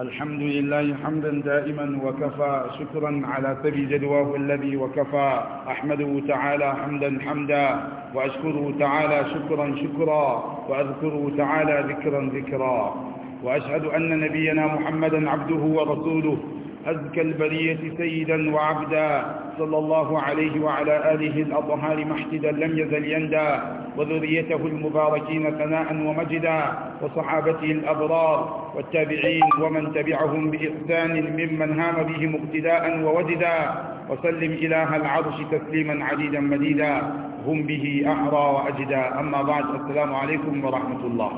الحمد لله حمدا دائما وكفى شكرا على سبي جدواه الذي وكفى أحمده تعالى حمدا حمدا وأشكره تعالى شكرا شكرا وأذكره تعالى ذكرا ذكرا وأشهد أن نبينا محمدا عبده ورسوله أزكى البرية سيدا وعبدا صلى الله عليه وعلى آله الأطهار محتدا لم يزل يندى وذريته المباركين ثناء ومجدا وصحابته الأبرار والتابعين ومن تبعهم بإحسان ممن هام بهم اقتداء ووجدا وسلم إله العرش تسليما عديدا مديدا هم به أحرى وأجدا أما بعد السلام عليكم ورحمة الله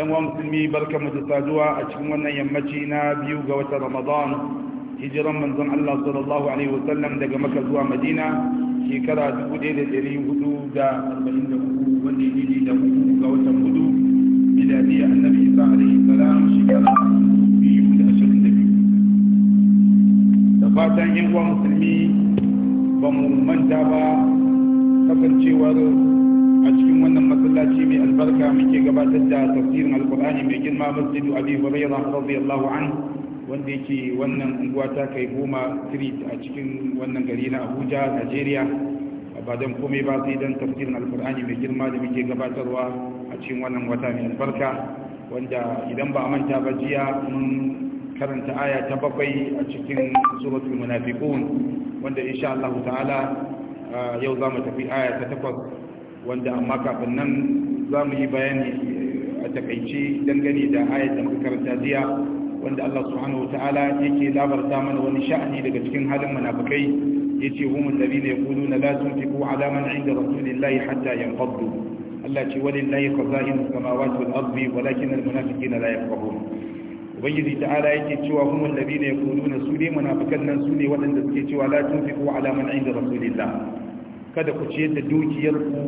yan wa musulmi barkamu da saduwa a cikin wannan yammaci na biyu ga watan ramadan hijiran manzon Allah sallallahu alaihi wasallam daga maka zuwa madina shekara 1443 wanda ya daidai da hudu ga watan hudu miladi annabi isa alaihi salam shekara 2022 da fatan yan wa musulmi ba mu manta ba kasancewar wannan masallaci mai albarka muke gabatar da tafsirin alkur'ani mai girma masjidu abi huraira radiyallahu an wanda yake wannan unguwa ta kai goma street a cikin wannan gari na abuja nigeria ba don komai ba sai don tafsirin alkur'ani mai girma da muke gabatarwa a cikin wannan wata mai albarka wanda idan ba a manta ba jiya mun karanta aya ta bakwai a cikin suratul munafiqun wanda insha Allah ta'ala ah, yau zamu tafi aya ta takwas wanda amma kafin nan za mu yi bayani eh, a takaice dangane da ayat da makaranta jiya wanda Allah subhanahu wata'ala yake labarta mana wani sha'ani daga cikin halin munafikai yace humul ladina yaquluna la tunfiqu ala man 'inda rasulillahi hatta yanfaddu Allah ce walillahi khaza'inus samawati wal ardi walakin al munafiqina la yafqahun ubangiji ta'ala yake cewa humul ladina yaquluna su ne munafikan nan su ne waɗanda suke cewa la tunfiqu ala man 'inda rasulillah kada ku ciyar da dukiyarku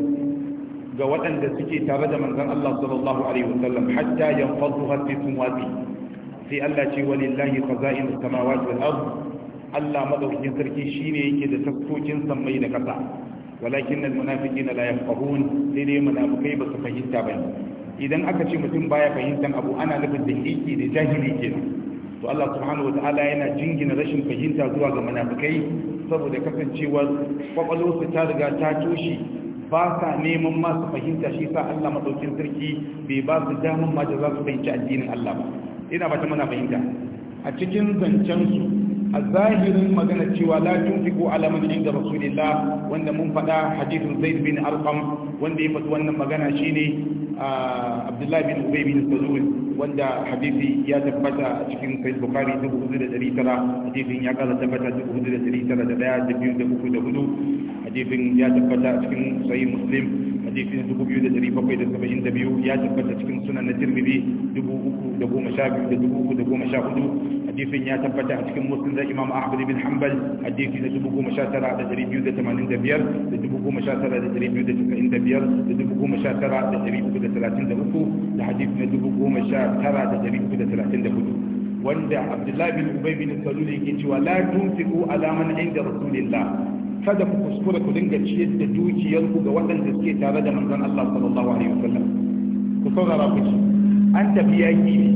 ga waɗanda suke tare da manzan Allah sallallahu alaihi wasallam hatta yanfadhu hasikum wati sai Allah ce walillahi khaza'in samawati wal ard Allah madaukakin sarki shine yake da tafkokin sammai da kasa walakin al munafiqina la yafqahun sai dai munafikai ba su fahimta ba idan aka ce mutum baya fahimtar abu ana nufin da hiki da jahili kenan to Allah subhanahu yana jingina rashin fahimta zuwa ga munafikai saboda kasancewar kwakwalwarsu ta riga ta toshe ba sa neman masu fahimta shi sa Allah madaukin sarki bai ba su daman ma da za su fahimci addinin Allah ba ina ba ta mana fahimta a cikin zancensu a zahirin magana cewa la tunfiqu ala man inda rasulillah wanda mun faɗa hadithun zaid bin arqam wanda ya faɗi wannan magana shine abdullahi bin ubay bin salul wanda hadisi ya tabbata a cikin sahih bukhari 4900 hadisin ya kara tabbata 4901 da 2 da 3 da 4 hadisin ya tabbata a cikin sahih muslim hadisi da biyu ya tabbata cikin sunan na tirmidhi hudu hadisin ya tabbata a cikin muslim da imam ahmad bin hanbal hadisi na tara da biyu da 19233 da hadisi na hudu. wanda abdullahi bin ubay bin salul yake cewa la tunfiqu ala man inda rasulillah kada ku kuskura ku dinga ciyar da dukiyarku ga waɗanda suke tare da manzon Allah sallallahu alaihi wasallam ku saurara ku ci an tafi yaki ne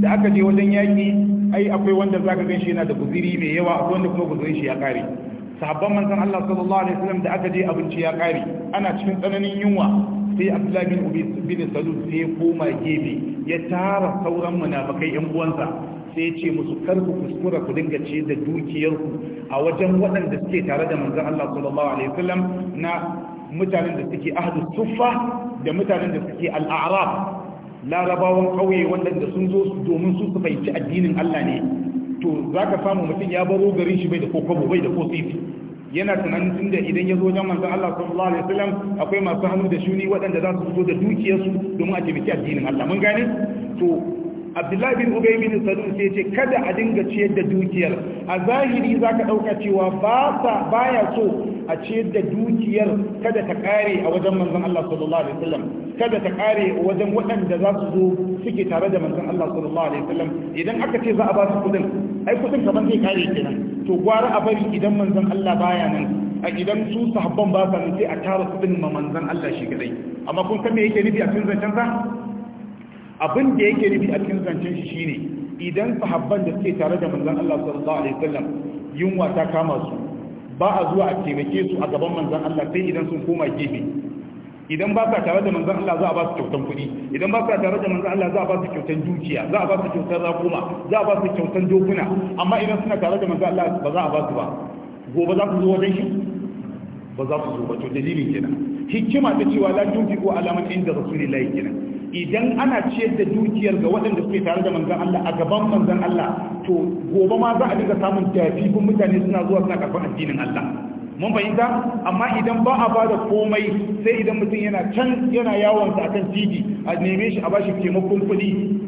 da aka je wajen yaki ai akwai wanda zaka gan shi yana da guziri mai yawa akwai wanda kuma guzirin shi ya kare sahabban manzon Allah sallallahu alaihi wasallam da aka je abinci ya kare ana cikin tsananin yunwa sai Abdullahi bin Ubay bin Salul sai koma gefe ya tara sauran munafikai yan uwansa sai ce musu kar ku kuskura ku dinga ce da dukiyarku a wajen waɗanda suke tare da manzon Allah sallallahu alaihi wasallam na mutanen da suke ahlu suffa da mutanen da suke al'arab larabawan ƙauye waɗanda sun zo domin su su fahimci addinin Allah ne to zaka samu mutum ya baro garin shi bai da kokobo bai da kosifi yana tunanin tun da idan ya zo wajen manzon Allah sallallahu alaihi wasallam akwai masu hannu da shuni waɗanda za su zo da dukiyarsu domin a taimaki addinin Allah mun gane to abdullahi bin ubay bin salul sai ce kada a dinga ciyar da dukiyar a zahiri zaka dauka cewa ba sa baya so a ciyar da dukiyar kada ta kare a wajen manzon Allah sallallahu alaihi wasallam kada ta kare wajen waɗanda za su zo suke tare da manzon Allah sallallahu alaihi wasallam idan aka ce za a ba su kudin ai kudin kaman zai kare kenan to gwara a bari idan manzon Allah baya nan a idan su sahabban ba sa nan sai a tara kudin ma manzon Allah shi kadai amma kun san me yake nufi a cikin zancen sa abin da yake nufi a cikin zancen shi shine idan sahabban da suke tare da manzon Allah sallallahu alaihi wasallam yunwa ta kama su ba a zuwa a taimake su a gaban manzon Allah sai idan sun koma gefe idan ba ka tare da manzon Allah za a ba su kyautan kuɗi idan ba ka tare da manzon Allah za a ba su kyautan dukiya za a ba su kyautan rakuma za a ba su kyautan dokuna amma idan suna tare da manzon Allah ba za a ba su ba gobe za ku zo wajen shi ba za ku zo ba to dalilin kenan hikima ta cewa la tunfiqu ala man inda rasulillahi kenan idan ana ciyar da dukiyar ga waɗanda suke tare da manzan Allah a gaban manzan Allah to gobe ma za a dinga samun tafifin mutane suna zuwa suna karɓar addinin Allah mun fahimta amma idan ba a bada komai sai idan mutum yana can yana yawon sa akan titi a neme shi a bashi taimakon kuɗi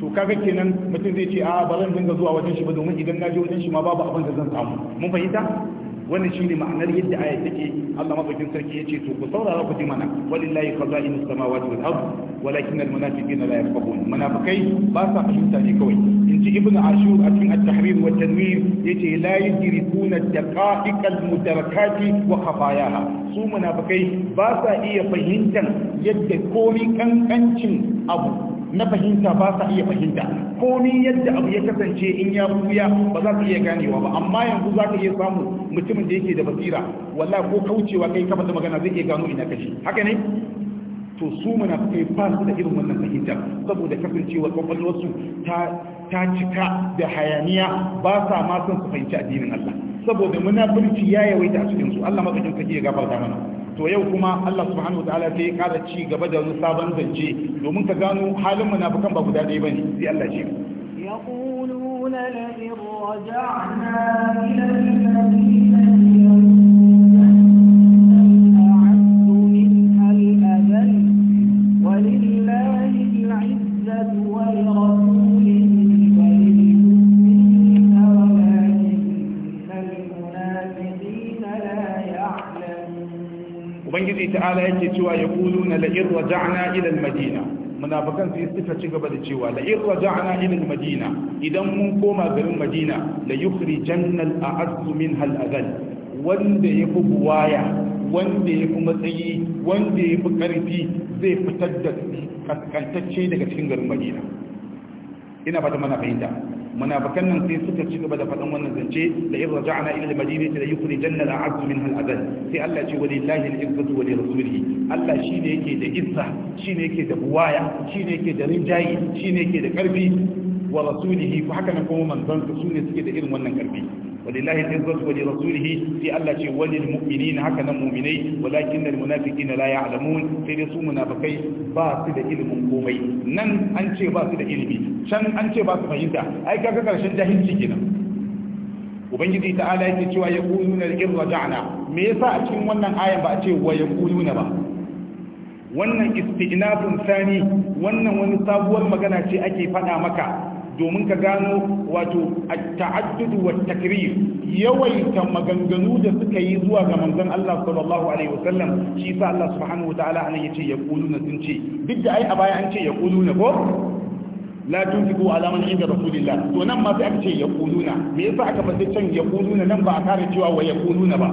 to kaga kenan mutum zai ce a ba zan dinga zuwa wajen shi ba domin idan na je wajen shi ma babu abin da zan samu mun fahimta wannan ne ma'anar yadda aya take Allah madaukin sarki yace to ku saurara ku ji mana walillahi khaza'inus samawati wal ard walakin al munafiqina la yafqahun munafikai ba sa fahimta ne kawai in ji ibnu ashur a cikin at-tahrir wa tanwir yace la yudrikuna daqa'iq al mutarakati wa khafayaha su munafikai ba sa iya fahimtar yadda komai kankancin abu na fahimta ba sa iya fahimta ko ni yadda abu ya kasance in ya buya ba za ka iya ganewa ba amma yanzu za ka iya samu mutumin da yake da basira wallahi ko kaucewa kai kafa da magana zai iya gano ina kashi haka ne to su muna kai fasu da irin wannan fahimtar saboda kasancewa kwakwalwarsu ta ta cika da hayaniya ba sa ma son su fahimci addinin Allah saboda munafurci ya yawaita a cikin su Allah madaukin sarki ya gafarta mana to yau kuma Allah subhanahu wa ta'ala sai ya kara ci gaba da wani sabon zance domin ka gano halin munafikan ba guda ɗaya bane sai Allah ce يقولون لئن رجعنا إلى الذين ubangiji ta'ala yake cewa ya kulu na la'ir raja'na ila al-madina sai suka ci gaba da cewa la'ir raja'na ila madina idan mun koma garin madina la jannal a aazz minha hal azal wanda fi buwaya wanda fi matsayi wanda fi karfi zai fitar da kaskantacce daga cikin garin madina ina fata mana fahimta bakan nan sai suka ci gaba da faɗan wannan zance da in raja'na ila al-madinati la yukhrijanna al-'abd minha al-adl sai Allah ce walillahi al-izzatu wa li rasulihi Allah shine yake da izza shine yake da buwaya shine yake da rinjayi shine yake da karfi wa rasulihi ko haka nan kuma manzon su ne suke da irin wannan karfi walillahi izzatu wa lirasulihi sai Allah ce walil mu'minina haka nan mu'minai walakinnal munafiqina la ya'lamun sai dai su munafikai ba su da ilimin komai nan an ce ba su da ilimi can an ce ba su fahimta ai kaga karshen jahilci kenan ubangiji ta'ala yake cewa yaquluna in raja'na me yasa a cikin wannan ayan ba a ce wa ba wannan istinafun sani wannan wani sabuwar magana ce ake faɗa maka domin ka gano wato a taaddud wa takrir yawaita maganganu da suka yi zuwa ga manzon Allah sallallahu alaihi wasallam shi sa Allah subhanahu wa ta'ala ya yace yaquluna sun ce duk da ai a baya an ce yaquluna ko la tunfiqu ala man inda rasulillah to nan ma sai aka ce yaquluna me yasa aka fadi can ya yaquluna nan ba a kare cewa wa ya yaquluna ba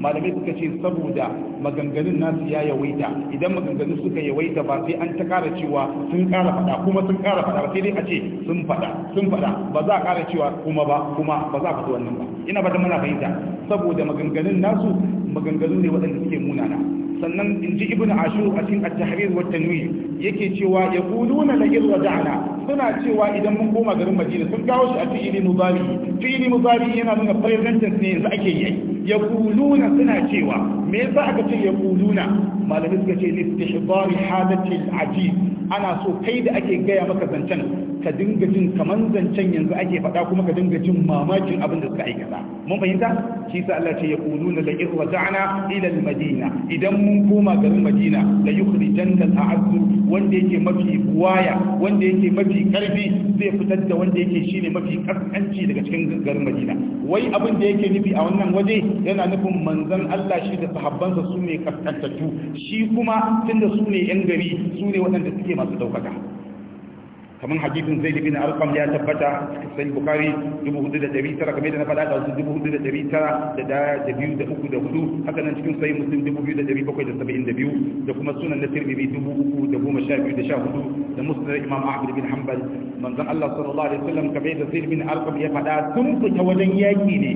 malamai suka ce saboda maganganun nasu ya yawaita idan maganganun suka yawaita ba sai an ta kara cewa sun kara fada kuma sun kara fada sai dai a ce sun fada sun fada ba za a kara cewa kuma ba kuma ba za a faɗi wannan ba ina fata muna fahimta saboda maganganun nasu maganganu ne waɗanda suke munana sannan in ji ibn ashur a cikin at-tahrir wa tanwir yake cewa ya kuluna la in suna cewa idan mun koma garin Madina sun kawo shi a fi'ili mudari fi'ili mudari yana nuna present tense ne yanzu ake yi ya na suna cewa me yasa aka ce ya na malami suka ce istihdari hadati al ana so kai da ake gaya maka zancen ka dinga jin kaman zancen yanzu ake faɗa kuma ka dinga jin mamakin abin da suka aikata mun fahimta shi sa Allah ce ya kuluna la irwa raja'na ila al-madina idan mun koma garin Madina la yukhrijanna al wanda yake mafi waya, wanda yake mafi karfi zai fitar da wanda yake shine mafi kaskanci daga cikin garin Madina wai abin da yake nufi a wannan waje yana nufin manzon Allah shi da sahabbansa su ne kaskantattu shi kuma tunda su ne yan gari su ne waɗanda suke masu ɗaukaka kamar hadisin zai bin alfam ya tabbata sai bukari 4,900 kamar da na faɗa ɗansu 4,900 haka nan cikin sai muslim 2,772 da kuma sunan na tirmidhi 3,012 da musnad imam ahmad bin hanbal manzon allah sallallahu alaihi wasallam kamar da zai bin alfam ya faɗa sun fita wajen yaƙi ne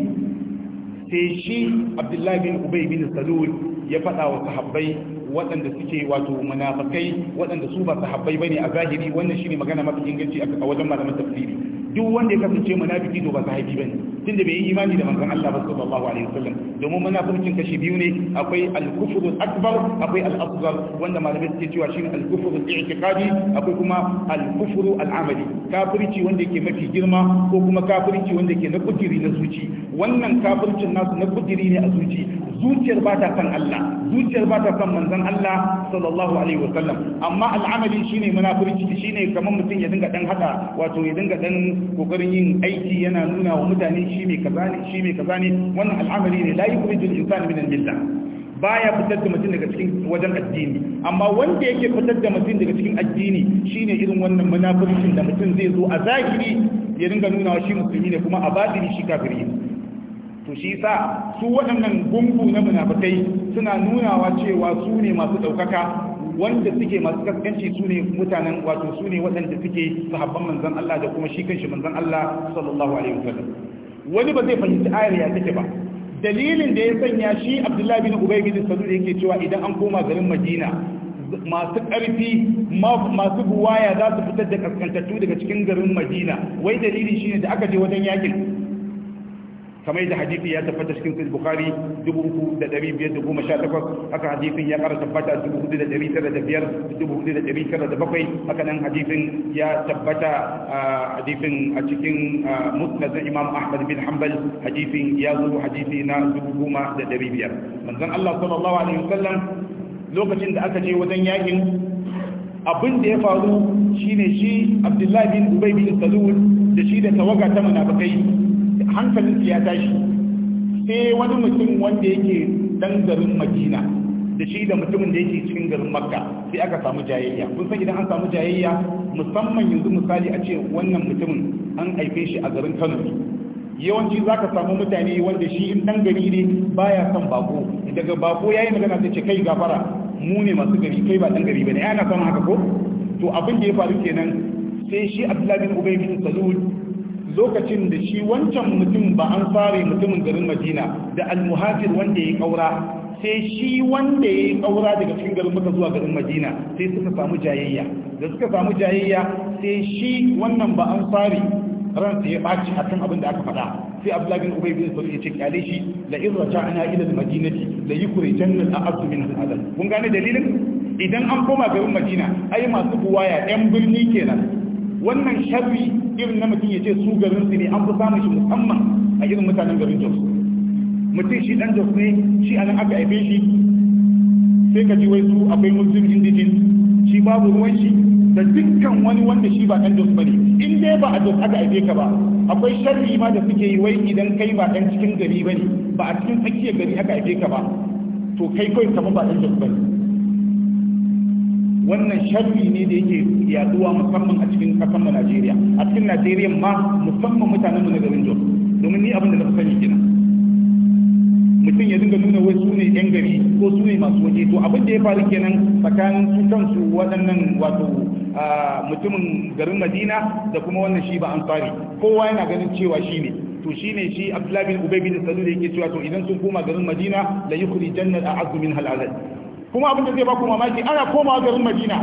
sai shi abdullahi bin ubay bin salul ya faɗa wa sahabbai waɗanda suke wato munafakai waɗanda su ba sahabbai bane a zahiri wannan shine magana mafi inganci a wajen malaman tafsiri duk wanda ya kasance munafiki to ba sahabi bane tun da bai yi imani da manzon Allah ba sallallahu alaihi wasallam domin munafurcin kashi biyu ne akwai al-kufru akbar akwai al-asghar wanda malamai suke cewa shine al-kufru al-i'tiqadi akwai kuma al-kufru al-amali kafirci wanda yake mafi girma ko kuma kafirci wanda yake na kudiri na zuci wannan kafircin nasu na kudiri ne a zuci zuciyar ba ta san Allah zuciyar ba ta san manzon Allah sallallahu alaihi wasallam amma al-amali shine munafurci shine kamar mutum ya dinga dan hada wato ya dinga dan kokarin yin aiki yana nuna wa mutane shi mai kaza ne shi mai kaza ne wannan al'amari ne la yukhrijul insanu min al-milla baya fitar da mutum daga cikin wajen addini amma wanda yake fitar da mutum daga cikin addini shine irin wannan munafircin da mutum zai zo a zahiri ya dinga nuna wa shi musulmi ne kuma a batini shi kafiri to shi sa su waɗannan gungu na munafikai suna nunawa cewa su ne masu ɗaukaka wanda suke masu kaskanci su ne mutanen wato su ne waɗanda suke sahabban manzan Allah da kuma shi kanshi manzan Allah sallallahu alaihi wasallam wani ba zai fahimci ayar ya take ba dalilin da ya sanya shi abdullahi bin ubay bin salul yake cewa idan an koma garin madina masu ƙarfi masu buwaya za su fitar da kaskantattu daga cikin garin madina wai dalili shine da aka je wajen yakin kamar yadda hadisi ya tabbata cikin sahih bukhari 3518 haka hadisin ya kara tabbata 4905 4907 haka nan hadisin ya tabbata hadisin a cikin musnad imam ahmad bin hanbal hadisin ya zo hadisi na 10500 manzon Allah sallallahu alaihi wasallam lokacin da aka je wajen yakin abin da ya faru shine shi Abdullahi bin Ubay bin Salul da shi da tawaga ta munafikai hankalin ya tashi sai wani mutum wanda yake dan garin madina da shi da mutumin da yake cikin garin makka sai aka samu jayayya kun san idan an samu jayayya musamman yanzu misali a ce wannan mutumin an haife shi a garin kano yawanci za ka samu mutane wanda shi in dan gari ne baya son bako daga bako ya yi magana sai ce kai gafara mu ne masu gari kai ba dan gari ba ne ana son haka ko to abin da ya faru kenan sai shi abdullahi bin ubay bin salul lokacin da shi wancan mutum ba an fara mutumin garin madina da al-Muhajir wanda ya kaura sai shi wanda ya kaura daga cikin garin Makka zuwa garin madina sai suka samu jayayya da suka samu jayayya sai shi wannan ba an fare ransa ya ɓaci a kan abin da aka faɗa sai bin ubay bin sulu ya ce kale shi la in raja'na ila al-madinati la yukri jannat a'azzu min al-adab kun gane dalilin idan an koma garin madina ai masu buwaya ɗan birni kenan wannan sharri irin na mutum ya ce su garin su ne an fi samun shi musamman a irin mutanen garin jos mutum shi dan jos ne shi anan aka haife shi sai ka ji wai su akwai muslim indijin shi babu ruwan shi da dukkan wani wanda shi ba dan jos bane in dai ba a jos aka haife ka ba akwai sharri ma da suke yi wai idan kai ba dan cikin gari bane ba a cikin tsakiyar gari aka haife ka ba to kai kawai kamar ba dan jos bane wannan sharri ne da yake yaduwa musamman a cikin kasar mu Najeriya a cikin Najeriya ma musamman mutanen mu na garin Jos domin ni abin da na sani kenan mutum ya dinga nuna wai su ne yan gari ko su ne masu waje to abin da ya faru kenan tsakanin su kansu waɗannan wato mutumin garin Madina da kuma wannan shi ba ansari kowa yana ganin cewa shi ne to shi ne shi Abdullahi bin Ubay bin Salul yake cewa to idan sun koma garin Madina la yukhrijanna al-a'azzu minha kuma abin da zai baku mamaki ana komawa garin madina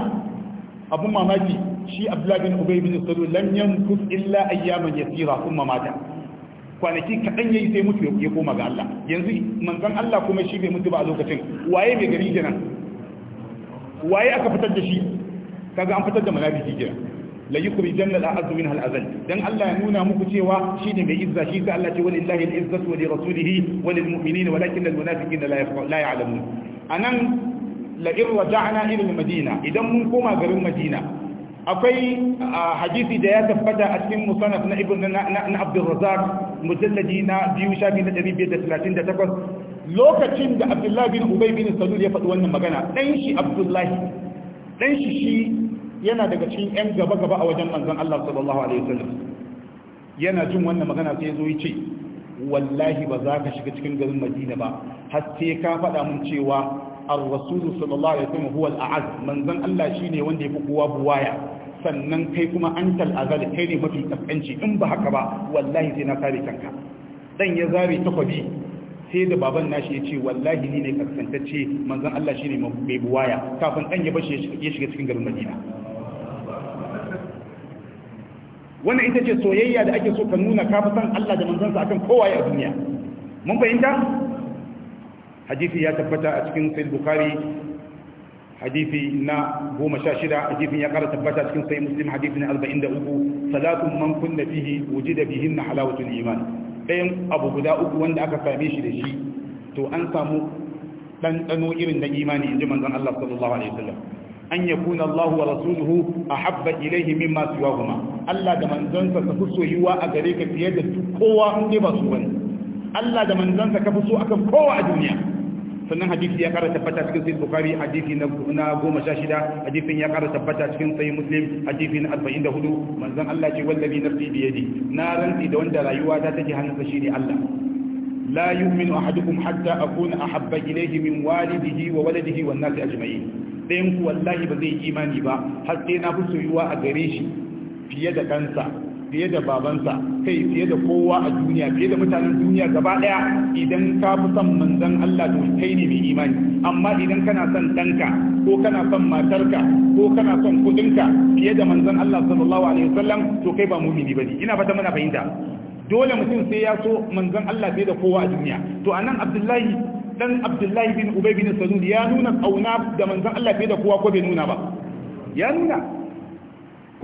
abin mamaki shi abdullahi bin ubay bin salul lanyan yankus illa ayyaman yasira kuma mata kwanaki kaɗan ya yi sai mutu ya koma ga Allah yanzu manzon Allah kuma shi bai mutu ba a lokacin waye mai gari kenan waye aka fitar da shi kaga an fitar da munafiki kenan la yukhrijanna al-a'z min al-azal dan Allah ya nuna muku cewa shi ne mai izza shi sai Allah ce wani walillahi al-izzatu wa li rasulihi wa lil mu'minina walakin al-munafiqina la yafqahuna la ya'lamun anan la'ir raja'na ila madina idan mun koma garin madina akwai hadisi da ya tabbata a cikin musannaf na ibn na abdul razzaq mujalladi na biyu shafi na 538 lokacin da abdullahi bin ubay bin salul ya faɗi wannan magana dan shi abdullahi dan shi shi yana daga cikin yan gaba gaba a wajen manzon Allah sallallahu alaihi wasallam yana jin wannan magana sai ya zo ya ce wallahi ba za ka shiga cikin garin Madina ba har sai ka faɗa mun cewa A rasul sallallahu alaihi wasallam huwa al-a'az manzon Allah shine wanda yafi kowa buwaya sannan kai kuma antal azal kai ne mafi kaskanci in ba haka ba wallahi sai na kare kanka dan ya zare takwabi sai da baban nashi ya ce wallahi ni ne kaskantacce manzon Allah shine mai buwaya kafin dan ya bashi ya shiga cikin garin Madina wannan ita ce soyayya da ake so ka nuna ka san Allah da manzansa akan kowa a duniya mun fahimta hadisi ya tabbata a cikin sahih bukhari hadisi na goma sha shida hadisin ya kara tabbata a cikin sai muslim hadisi na arba'in da uku salatun man kunna fihi da bihin na halawatul iman ɗayan abu guda uku wanda aka same shi da shi to an samu ɗanɗano irin na imani in ji manzon Allah sallallahu alaihi wasallam an yakuna Allah wa rasuluhu a ahabba ilayhi mimma siwahuma Allah da manzonsa ka fi soyuwa a gare ka fiye da kowa in ba su wani Allah da manzansa ka fi so akan kowa a duniya sannan hadisi ya kara tabbata cikin sahih bukhari hadisi na goma sha shida hadisin ya kara tabbata cikin sahih muslim hadisi na arba'in da hudu manzon Allah ce wallabi nafsi bi yadi na rantsi da wanda rayuwa ta take hannunsa shine Allah la yu'minu ahadukum hatta akuna ahabba ilayhi min walidihi wa waladihi wan nasi ajma'in dayan ku wallahi ba zai imani ba har sai na fi soyuwa a gare shi fiye da kansa fiye da babansa kai fiye da kowa a duniya fiye da mutanen duniya gaba daya idan ka fi son manzon Allah to kai ne mai imani amma idan kana son danka ko kana son matarka ko kana son kudinka fiye da manzon Allah sallallahu alaihi wasallam to kai ba mumini bane ina fata muna fahimta dole mutum sai ya so manzon Allah fiye da kowa a duniya to anan Abdullahi dan Abdullahi bin Ubay bin Salul ya nuna kauna da manzon Allah fiye da kowa ko bai nuna ba ya nuna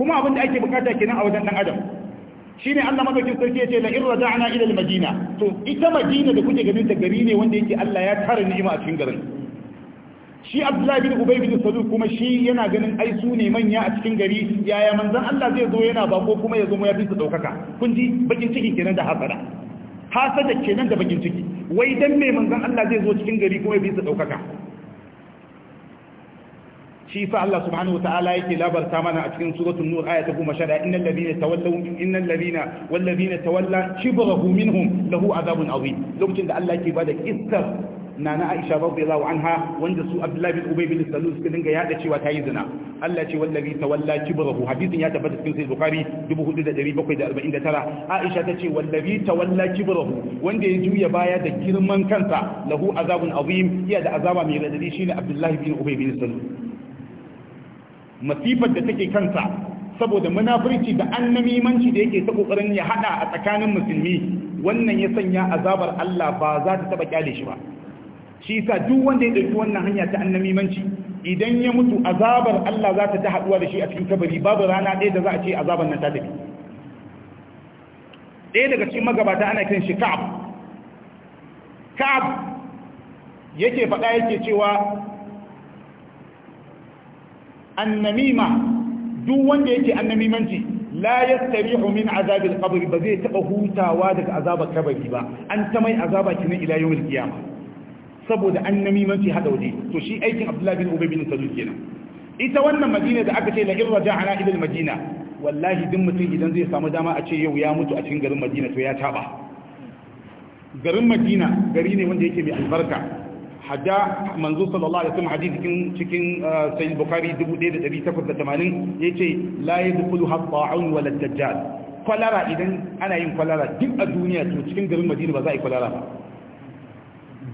kuma abin da ake bukata kenan a wajen dan adam Shi ne Allah madaukin sarki ce la irra da'ana ila al-madina to ita madina da kuke ganin ta gari ne wanda yake Allah ya tara ni'ima a cikin garin shi Abdullahi bin Ubay bin Salul kuma shi yana ganin ai su ne manya a cikin gari yaya manzon Allah zai zo yana bako kuma ya zo mu ya fi su daukaka kun ji bakin ciki kenan da hasada hasada kenan da bakin ciki wai dan me manzon Allah zai zo cikin gari kuma ya fi su daukaka shi fa Allah subhanahu wa ta'ala yake labarta mana a cikin suratul nur aya ta 11 innal ladina tawallaw innal ladina wal ladina tawalla shibrahu minhum lahu azabun azim lokacin da Allah yake bada na na Aisha radiyallahu anha wanda su Abdullah bin Ubay bin Salul suka dinga yada cewa ta yi zina Allah ce wallazi tawalla kibrahu hadisin ya tabbata cikin sahih Bukhari 4749 Aisha ta ce wallazi tawalla kibrahu wanda ya juya baya da girman kansa lahu azabun azim iya da azaba mai radadi shine Abdullah bin Ubay bin Salul masifar da take kansa saboda munafurci da annamimanci da yake ta kokarin ya hada a tsakanin musulmi wannan ya sanya azabar Allah ba za ta taba kyale shi ba shi yasa duk wanda ya dauki wannan hanya ta annamimanci idan ya mutu azabar Allah za ta ta haduwa da shi a cikin kabari babu rana ɗaya da za a ce azabar nan ta tafi ɗaya daga cikin magabata ana kiran shi Ka'ab Ka'ab yake faɗa yake cewa annamima duk wanda yake annamimanci la yastarihu min azabil qabr ba zai taba hutawa daga azabar kabari ba an ta mai azaba kinan ila yawmil qiyama saboda annamimanci hada waje to shi aikin abdullahi bin ubay bin salul kenan ita wannan madina da aka ce la in raja'na ila al madina wallahi duk mutum idan zai samu dama a ce yau ya mutu a cikin garin madina to ya taba garin madina gari ne wanda yake mai albarka hadda manzo sallallahu alaihi wasallam hadisin cikin uh, sahih bukhari 1880 yace la yadkhulu hatta'un wala dajjal kwalara idan ana yin kwalara duk a duniya to cikin garin madina ba za a yi kwalara ba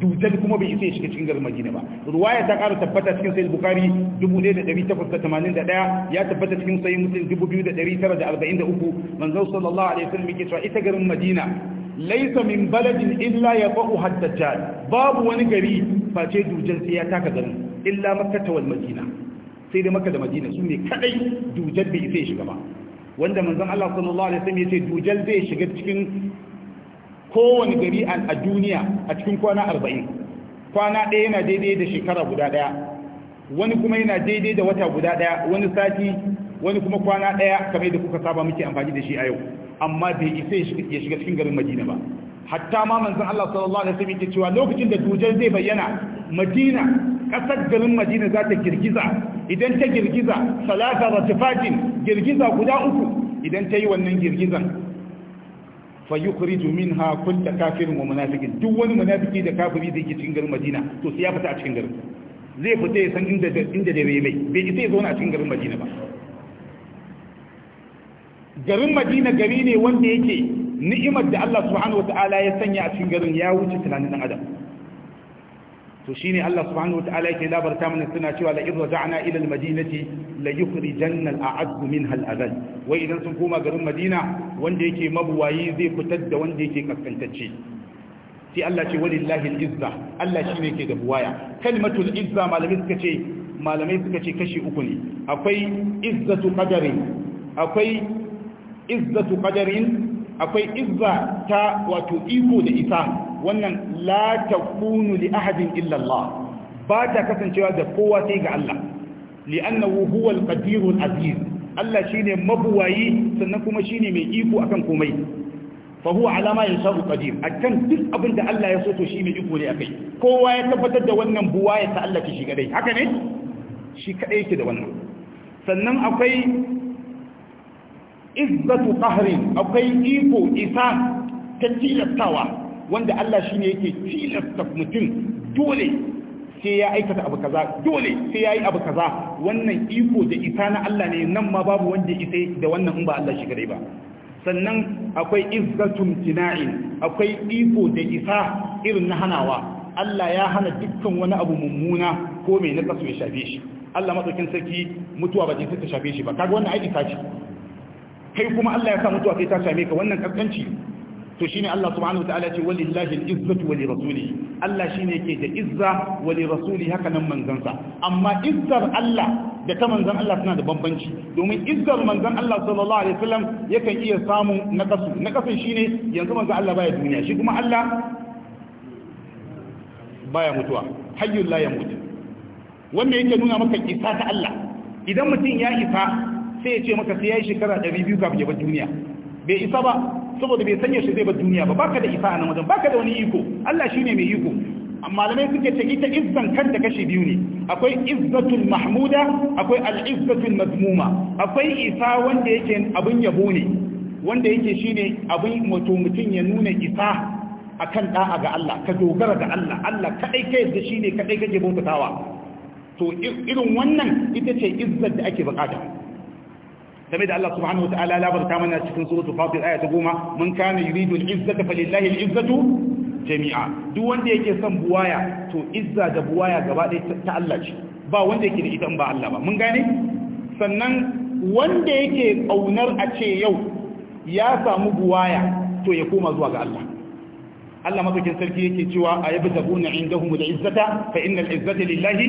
dujal kuma bai isa ya shiga cikin garin madina ba ruwaya ta ƙara tabbata cikin sahih bukhari 1881 ya tabbata cikin sahih muslim 2943 manzo sallallahu alaihi wasallam yake cewa ita garin madina laysa min baladin illa yaqahu haddajal babu wani gari face dujal sai ya taka gari illa makkata wal madina sai da makka da madina su ne kadai dujal bai sai shiga ba wanda manzon Allah sallallahu alaihi wasallam yace dujal zai shiga cikin kowane gari a duniya a cikin kwana 40 kwana ɗaya yana daidai da shekara guda ɗaya wani kuma yana daidai da wata guda ɗaya wani sati wani kuma kwana ɗaya kamar da kuka saba muke amfani da shi a yau amma bai isa ya shiga cikin garin madina ba hatta ma manzon Allah sallallahu alaihi wasallam yake cewa lokacin da dujal zai bayyana Madina kasar garin Madina za ta girgiza idan ta girgiza salata ratfatin girgiza guda uku idan ta yi wannan girgizan fa yukhriju minha kull kafirin wa munafiqin duk wani munafiki da kafiri da yake cikin garin Madina to sai ya fita a cikin garin zai fita ya san inda inda da yayi mai bai sai ya zauna a cikin garin Madina ba garin Madina gari ne wanda yake ni'imar da Allah subhanahu wata'ala ya sanya a cikin garin ya wuce tunanin dan adam to shine Allah subhanahu wata'ala yake labarta mana suna cewa la idza da'na ila al-madinati la yukhrijanna al-a'azz minha al-adhal idan sun koma garin Madina wanda yake mabuwayi zai fitar da wanda yake kaskantacce sai Allah ce walillahi al-izza Allah shine yake da buwaya kalmatul izza malamai suka ce malamai suka ce kashi uku ne akwai izzatu qadarin akwai izzatu qadarin akwai izza ta wato iko da isa wannan la takunu li ahadin illallah ba ta kasancewa da kowa sai ga Allah li'annahu huwa al-qadir al-aziz Allah shine mabuwayi sannan kuma shine mai iko akan komai fa huwa ala ma yashau qadir akan duk abin da Allah ya so to shi mai iko ne akai kowa ya tabbatar da wannan buwaye ta Allah shi kadai haka ne shi kadai yake da wannan sannan akwai izzatu qahri akwai iko isa ta tilastawa wanda Allah shine yake tilasta mutum dole sai ya aikata abu kaza dole sai yayi abu kaza wannan iko da isa na Allah ne nan ma babu wanda isa da wannan in ba Allah shi gare ba sannan akwai izzatum tina'in akwai iko da isa irin na hanawa Allah ya hana dukkan wani abu mummuna ko mai kaso ya shafe shi Allah madaukin sarki mutuwa ba ta shafe shi ba kaga wannan ai isa ce kai kuma Allah ya sa mutuwa sai ta same ka wannan kaskanci to shine Allah subhanahu wataala ce walillahi al-izzatu wa li rasulihi Allah shine yake da izza wa li rasulihi haka nan manzansa amma izzar Allah da ta manzan Allah suna da bambanci domin izzar manzan Allah sallallahu alaihi wasallam yakan iya samun nakasu nakasun shine yanzu manzan Allah baya duniya shi kuma Allah baya mutuwa hayyul la yamut wanda yake nuna maka isa ta Allah idan mutum ya isa sai ya ce maka sai ya yi shekara 200 kafin ya bar duniya bai isa ba saboda bai sanya shi zai bar duniya ba baka da isa a nan wajen baka da wani iko Allah shine mai iko malamai suke ce ita izzan da kashi biyu ne akwai izzatul mahmuda akwai al-izzatul mazmuma akwai isa wanda yake abin yabo ne wanda yake shine abin wato mutum ya nuna isa akan da'a ga Allah ka dogara ga Allah Allah kadai kai da shine kadai kake bautawa to irin wannan ita ce izzar da ake bukata game da Allah subhanahu wataala labarta mana cikin suratul fatir aya ta goma mun kana yuridu al-izzata falillahi al-izzatu jami'a duk wanda yake son buwaya to izza da buwaya gaba ɗaya ta Allah ce ba wanda yake da ita ba Allah ba mun gane sannan wanda yake kaunar a ce yau ya samu buwaya to ya koma zuwa ga Allah Allah madaukin sarki yake cewa a yi ayabtaguna indahum al-izzata fa innal izzata lillahi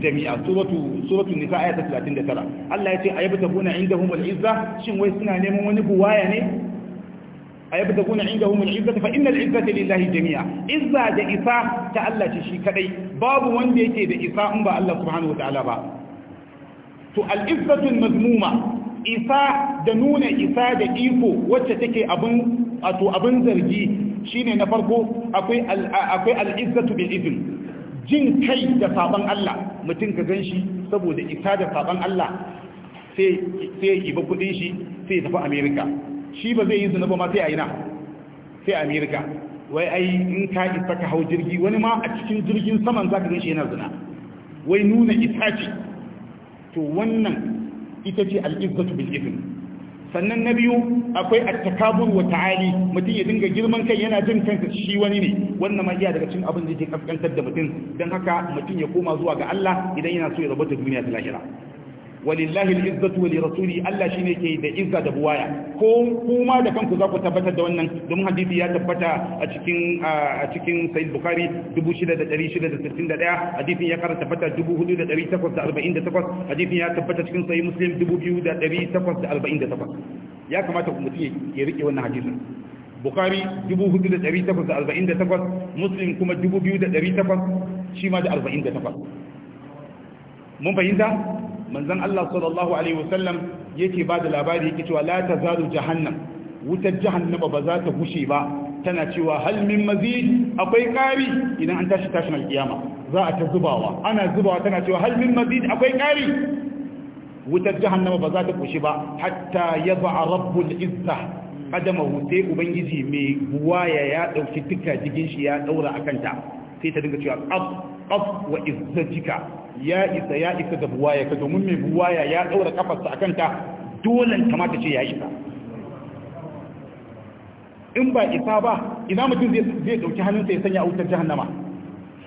jami'a suratu suratu nisa ayat 39 Allah yace ayabtaguna indahum al-izza shin wai suna neman wani buwaya ne a yi ayabtaguna indahum al-izzata fa innal izzata lillahi jami'a izza da isa ta Allah ce shi kadai babu wanda yake da isa in ba Allah subhanahu wa ta'ala ba to al-izzatu al-mazmuma isa da nuna isa da iko wacce take abin wato abin zargi shine na farko akwai al'izzatu bil izn jin kai da saban Allah mutum ka ganshi saboda isa da saban Allah sai sai ya iba kudin shi sai ya tafi America shi ba zai yi ba ma sai a ina sai America wai ai in ka isa ka hau jirgi wani ma a cikin jirgin saman zaka shi yana zina wai nuna isa ce to wannan ita ce al'izzatu bil izn sannan na biyu akwai takabur wa ta'ali mutum ya dinga girman kai yana jin kansa shi wani ne wannan ma iya daga cikin abin da yake kaskantar da mutum don haka mutum ya koma zuwa ga Allah idan yana so ya da duniya da lahira walillahi al-izzatu wa rasuli Allah shine ke da izza da buwaya ko kuma da kanku za ku tabbatar da wannan domin hadisi ya tabbata a cikin a cikin sahih bukhari 6661 hadisin ya karanta tabbata 4848 hadisin ya tabbata cikin sahih muslim 2848 ya kamata ku mutum ya rike wannan hadisin bukari 4848 muslim kuma 2800 shi ma da 48 mun fahimta manzon Allah sallallahu alaihi wasallam yake ba da labari yake cewa la tazalu jahannam wutar jahannama ba za ta gushe ba tana cewa hal min mazid akwai kari idan an tashi tashin alkiyama za a ta zubawa ana zubawa tana cewa hal min mazid akwai kari wutar jahannama ba za ta gushe ba hatta yaba rabbul izza kadama sai ubangiji mai buwaya ya dauki duka jikin shi ya daura akanta sai ta dinga cewa af wa izzatika ya isa ya isa da buwaya ka domin mai buwaya ya daura kafarsa akan ta dole kamata ce ya isa in ba isa ba ina mutum zai dauki hannunsa ya sanya a wutar jahannama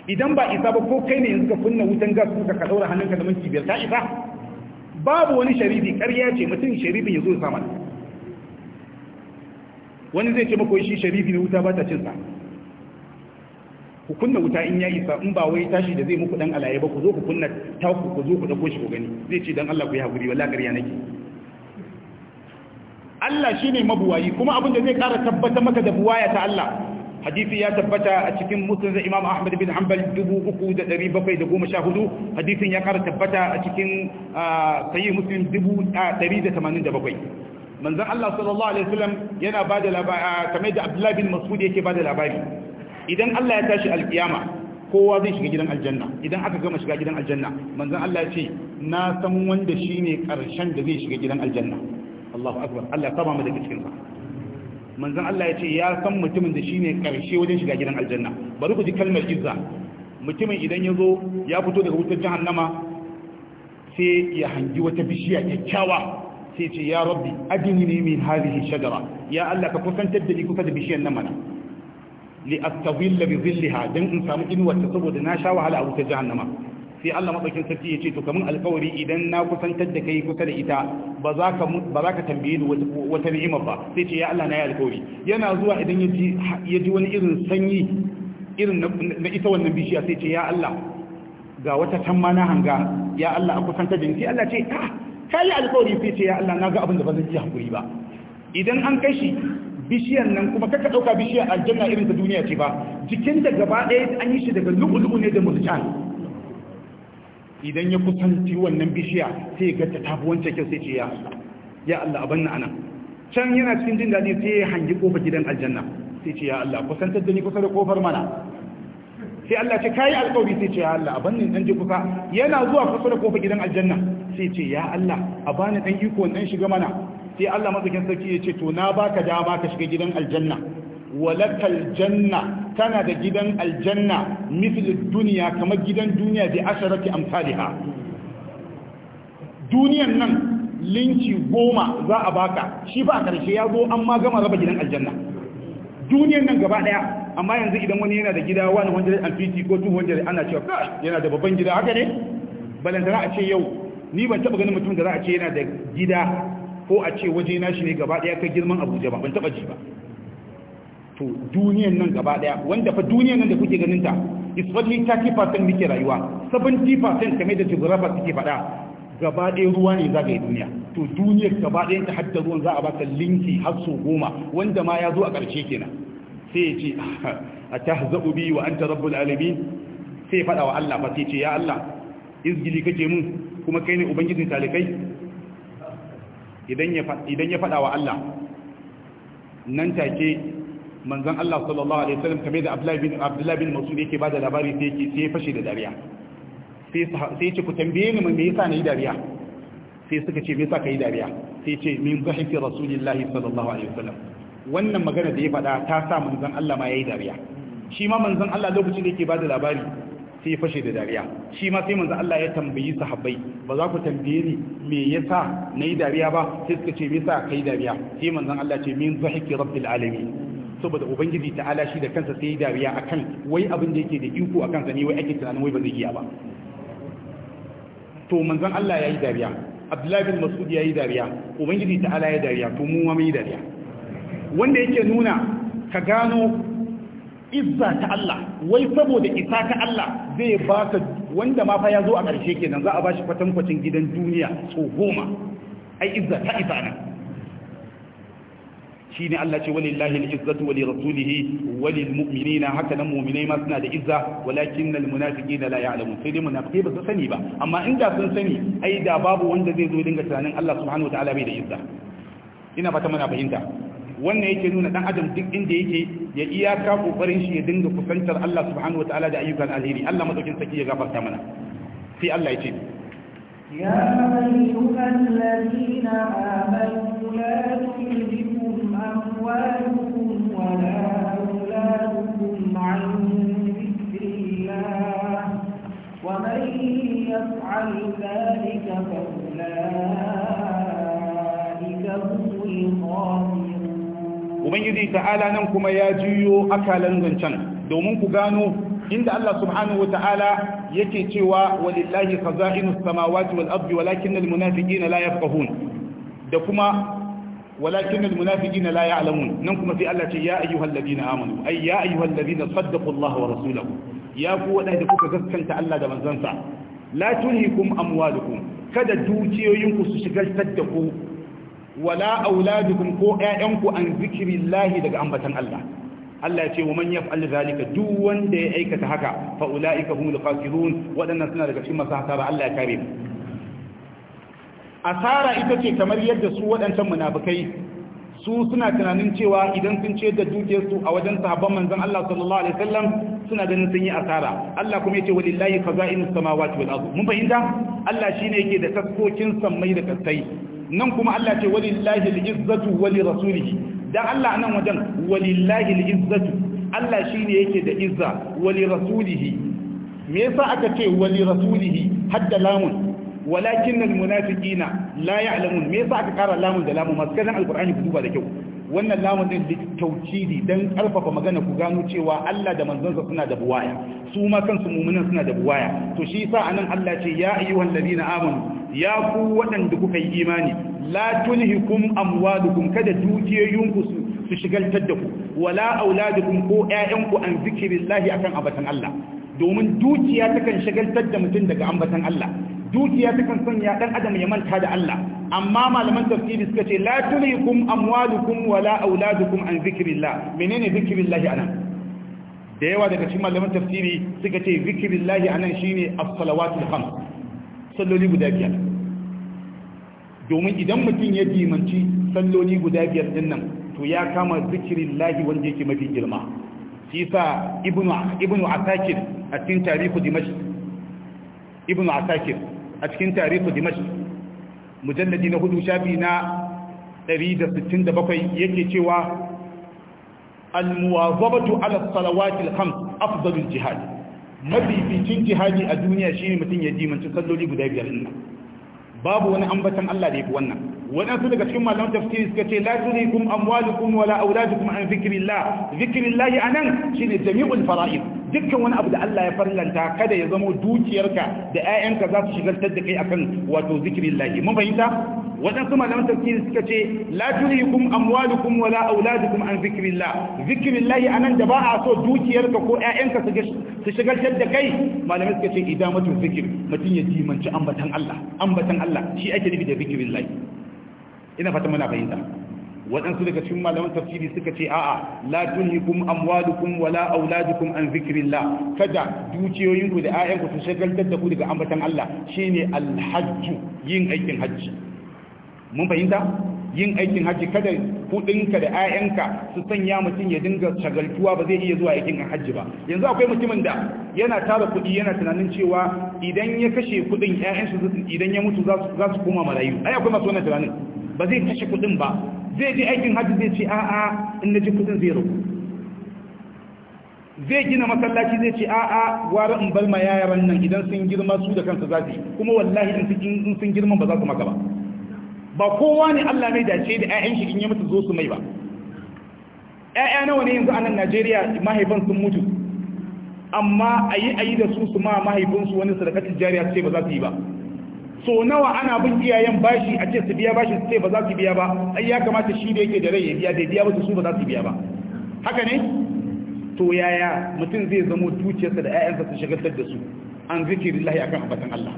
idan ba isa ba ko kai ne yanzu ka kunna wutan gas kuka ka daura hannunka da minti biyar ta isa babu wani sharidi ƙarya ce mutum sharidin ya zo ya sama wani zai ce mako shi sharidi ne wuta ba ta cin sa ku kunna wuta in ya isa in ba wai tashi da zai muku dan alaye ba ku zo ku kunna taku ku zo ku dauko shi ku gani zai ce dan Allah ku yi hakuri wallahi ƙarya nake Allah shine mabuwayi kuma abin da zai kara tabbata maka da buwaya ta Allah hadisi ya tabbata a cikin musnad Imam Ahmad bin Hanbal 3714 hadisin ya kara tabbata a cikin sahih Muslim 187 Manzan Allah sallallahu alaihi wasallam yana bada labari kamar da Abdullahi bin Mas'ud yake bada labari idan Allah ya tashi alkiyama kowa zai shiga gidan aljanna idan aka gama shiga gidan aljanna manzon Allah ya ce na san wanda shine karshen da zai shiga gidan aljanna Allahu akbar Allah saba mu daga cikin sa manzon Allah ya ce ya san mutumin da shine karshe wajen shiga gidan aljanna bari ku ji kalmar izza mutumin idan ya zo ya fito daga wutar jahannama sai ya hangi wata bishiya kyakkyawa sai ce ya rabbi adini min hadhihi shajara ya Allah ka kusantar da ni kusa da bishiyar nan mana li astawilla bi zillaha dan in samu ta saboda na sha wahala a wutar jahannama sai Allah madaukin sarki yace to kaman alƙawari idan na kusantar da kai kusa da ita ba za ka ba za ka tambaye ni wata ni'ima ba sai ce ya Allah na yi alƙawari yana zuwa idan yaji yaji wani irin sanyi irin na ita wannan bishiya sai ce ya Allah ga wata tamma na hanga ya Allah a kusantar da ni sai Allah ce ka yi alƙawari sai ce ya Allah na ga abin da ba zan iya hakuri ba idan an kashi bishiyar nan kuma kaka ɗauka bishiyar aljanna irin ta duniya ce ba jikin da gaba ɗaya an yi shi daga lu'ulu'u ne da murjan idan ya kusanci wannan bishiya sai ga ta tafi wancan kyau sai ce ya ya Allah abin na ana can yana cikin jin daɗi sai ya hangi kofar gidan aljanna sai ce ya Allah kusantar da ni kusa da kofar mana sai Allah ce kayi alƙawari sai ce ya Allah a nan dan je kusa yana zuwa kusa da kofar gidan aljanna sai ce ya Allah a bani dan iko dan shiga mana sai Allah mazakin sarki ya ce to na baka dama ka shiga gidan aljanna walakal janna tana da gidan aljanna misli duniya kamar gidan duniya bi asharati amsalha duniyan nan linci goma za a baka shi ba karshe ya zo an ma gama raba gidan aljanna duniyan nan gaba daya amma yanzu idan wani yana da gida 150 ko 200 ana cewa kai yana da babban gida haka ne balantana a ce yau ni ban taba ganin mutum da za a ce yana da gida ko a ce waje na shi ne gaba daya kai girman abuja ba ban taba ji ba to duniyan nan gaba daya wanda fa duniyan nan da kuke ganin ta is only 30% muke rayuwa 70% kamar da geographer suke faɗa gaba daya ruwa ne za ka yi duniya to duniyar gaba daya ta hadda ruwan za a baka linki har su goma wanda ma ya zo a ƙarshe kenan sai ya ce a ah, tahza'u bi wa anta rabbul alamin sai ya faɗa wa Allah ba sai ce ya Allah izgili kake mun kuma kai ne ubangijin talikai idan ya faɗa wa Allah nan take manzon Allah sallallahu alaihi wasallam kamar da Abdullahi bin Abdullah bin Mas'ud yake bada labari sai yake sai fashe da dariya sai sai ce ku tambaye ni me yasa nayi dariya sai suka ce me yasa kai dariya sai ce min dhahiki rasulillahi sallallahu alaihi wasallam wannan magana da ya faɗa ta sa manzon Allah ma yayi dariya shi ma manzon Allah lokacin da yake bada labari sai ya fashe da dariya shi ma sai manzo Allah ya tambayi sahabbai ba za ku tambaye ni me yasa nayi dariya ba sai suka ce me yasa kai dariya sai manzo Allah ce min zahiki rabbil alamin saboda ubangiji ta'ala shi da kansa sai dariya akan wai abin da yake da iko akan sa ne wai ake tunanin wai ba zai giya ba to manzon Allah yayi dariya Abdullahi bin Mas'ud yayi dariya ubangiji ta'ala ya dariya to mu ma mai dariya wanda yake nuna ka gano izza ta Allah wai saboda isa ta Allah zai baka wanda ma fa ya zo a ƙarshe kenan za a bashi kwatankwacin gidan duniya so goma ai izza ta isa nan shi ne Allah ce walillahi al-izzatu wa li rasulihi wa lil mu'minina haka nan mu'minai ma suna da izza walakin al munafiqina la ya'lamun sai dai munafiqai ba su sani ba amma inda sun sani ai da babu wanda zai zo dinga tunanin Allah subhanahu wa ta'ala bai da izza ina fata muna fahimta wannan yake nuna dan adam duk inda yake ya iyaka kokarin shi ya dinga kusantar Allah subhanahu wataala da ayyukan alheri Allah madaukin saki ya gafarta mana sai Allah ya ce ya ayyuhal ladina amanu la tulhikum amwalukum wa la auladukum an dhikrillah wa man yaf'al dhalika هم الخاسرون ubangiji ta'ala nan kuma ya juyo akalan zancen domin ku gano inda Allah subhanahu wata'ala yake cewa walillahi khaza'inus samawati wal ardi walakinnal munafiqina la yafqahun da kuma walakinnal munafiqina la ya'lamun nan kuma sai Allah ce ya ayyuhal ladina amanu ay ya ayyuhal ladina saddaqu Allah wa rasulahu ya ku wadanda kuka gaskanta Allah da manzansa la tulhikum amwalukum kada dukiyoyinku su shigaltar da ku wala auladukum ko ƴaƴanku an zikrillahi daga ambatan Allah Allah ya ce wa man yaf'al zalika duk wanda ya aikata haka fa ulaika humul khasirun wadannan suna daga cikin masu hasara Allah ya kare mu asara ita ce kamar yadda su waɗancan munafikai su suna tunanin cewa idan sun ce da dukiyarsu a wajen sahabban manzon Allah sallallahu alaihi wasallam suna ganin sun yi asara Allah kuma yace walillahi khaza'inus samawati wal ardh mun fahimta Allah shine yake da taskokin sammai da kasai nan kuma Allah ce walillahi al-izzatu wa rasulihi dan Allah nan wajen walillahi al-izzatu Allah shine yake da izza wa li rasulihi me yasa aka ce wa rasulihi hadda lamun walakin al na la alamun. me yasa aka kara lamun da lamun masu kazan alqur'ani ku duba da kyau wannan lamun din taucidi don karfafa magana ku gano cewa Allah da manzonsa suna da buwaya su ma kansu mu'minan suna da buwaya to shi yasa anan Allah ce ya ayyuhallazina amanu ya ku waɗanda kuka yi imani la tulhikum amwalukum kada dukiyoyinku su su shigaltar da ku wala auladukum ko ƴaƴanku an zikirin lahi akan abatan Allah domin dukiya takan shagaltar da mutum daga ambatan Allah dukiya takan sanya ɗan adam ya manta da Allah amma malaman tafsiri suka ce la tulikum amwalukum wala auladukum an la? menene zikirin lahi anan da yawa daga cikin malaman tafsiri suka ce zikirin lahi anan shine as-salawatul khams salloli guda biyar domin idan mutum ya dimanci salloli guda biyar din nan to ya kama zikirin lahi wanda yake mafi girma shi sa ibnu asakir a cikin tarihu dimash ibnu asakir a cikin tarihu dimash mujalladi na hudu shafi na 167 yake cewa al-muwazabatu ala salawatil khams afdalul jihad mafificin jihadi a duniya ne mutum ya jimanci salloli guda biyar din babu wani ambatan Allah da yake wannan wadansu daga cikin malaman tafsiri suka ce la tulikum amwalukum wala auladukum an zikrillah zikrillah anan shine jami'ul fara'id dukkan wani abu da Allah ya farlanta kada ya zama dukiyarka da 'ya'yanka za su shigar da kai akan wato zikrillah mun fahimta waɗansu malaman tafsiri suka ce la tulhikum amwalukum wala auladukum an zikrillah zikrillah anan da ba a so dukiyarka ko ƴaƴanka su shagaltar da kai malamai suka ce idan mutum zikir mutum ya jimanci ambatan Allah ambatan Allah shi ake nufi da zikrillah ina fata muna fahimta waɗansu daga cikin malaman tafsiri suka ce a'a la tulhikum amwalukum wala auladukum an zikrillah kada dukiyoyinku da ayyanku su shagaltar da ku daga ambatan Allah shine alhajj yin aikin hajji mun fahimta yin aikin hajji kada kudinka da 'ya'yanka su sanya mutum ya dinga shagaltuwa ba zai iya zuwa aikin hajji ba yanzu akwai mutumin da yana tara kudi yana tunanin cewa idan ya kashe kudin 'ya'yansu idan ya mutu za su koma marayu ai akwai masu wannan tunanin ba zai kashe kudin ba zai je aikin hajji zai ce a'a in na ji kudin zai rubu zai gina masallaci zai ce a'a gwara in bar ma yaran nan idan sun girma su da kansu za su kuma wallahi in sun girma ba za su maka ba ba kowa ne Allah mai dace da 'ya'yan shi in yi mutu zo su mai ba yaya nawa ne yanzu a Najeriya mahaifan sun mutu amma a a ayi da su su ma mahaifin wani sadakatin jariya ce ba za su yi ba so nawa ana bin iyayen bashi a ce su biya bashi su ce ba za su biya ba ai ya kamata shi da yake da rai ya biya da biya wasu su ba za su biya ba haka ne to yaya mutum zai zama tuciyarsa da 'ya'yansa su shagaltar da su an zikirin lahi akan abatan Allah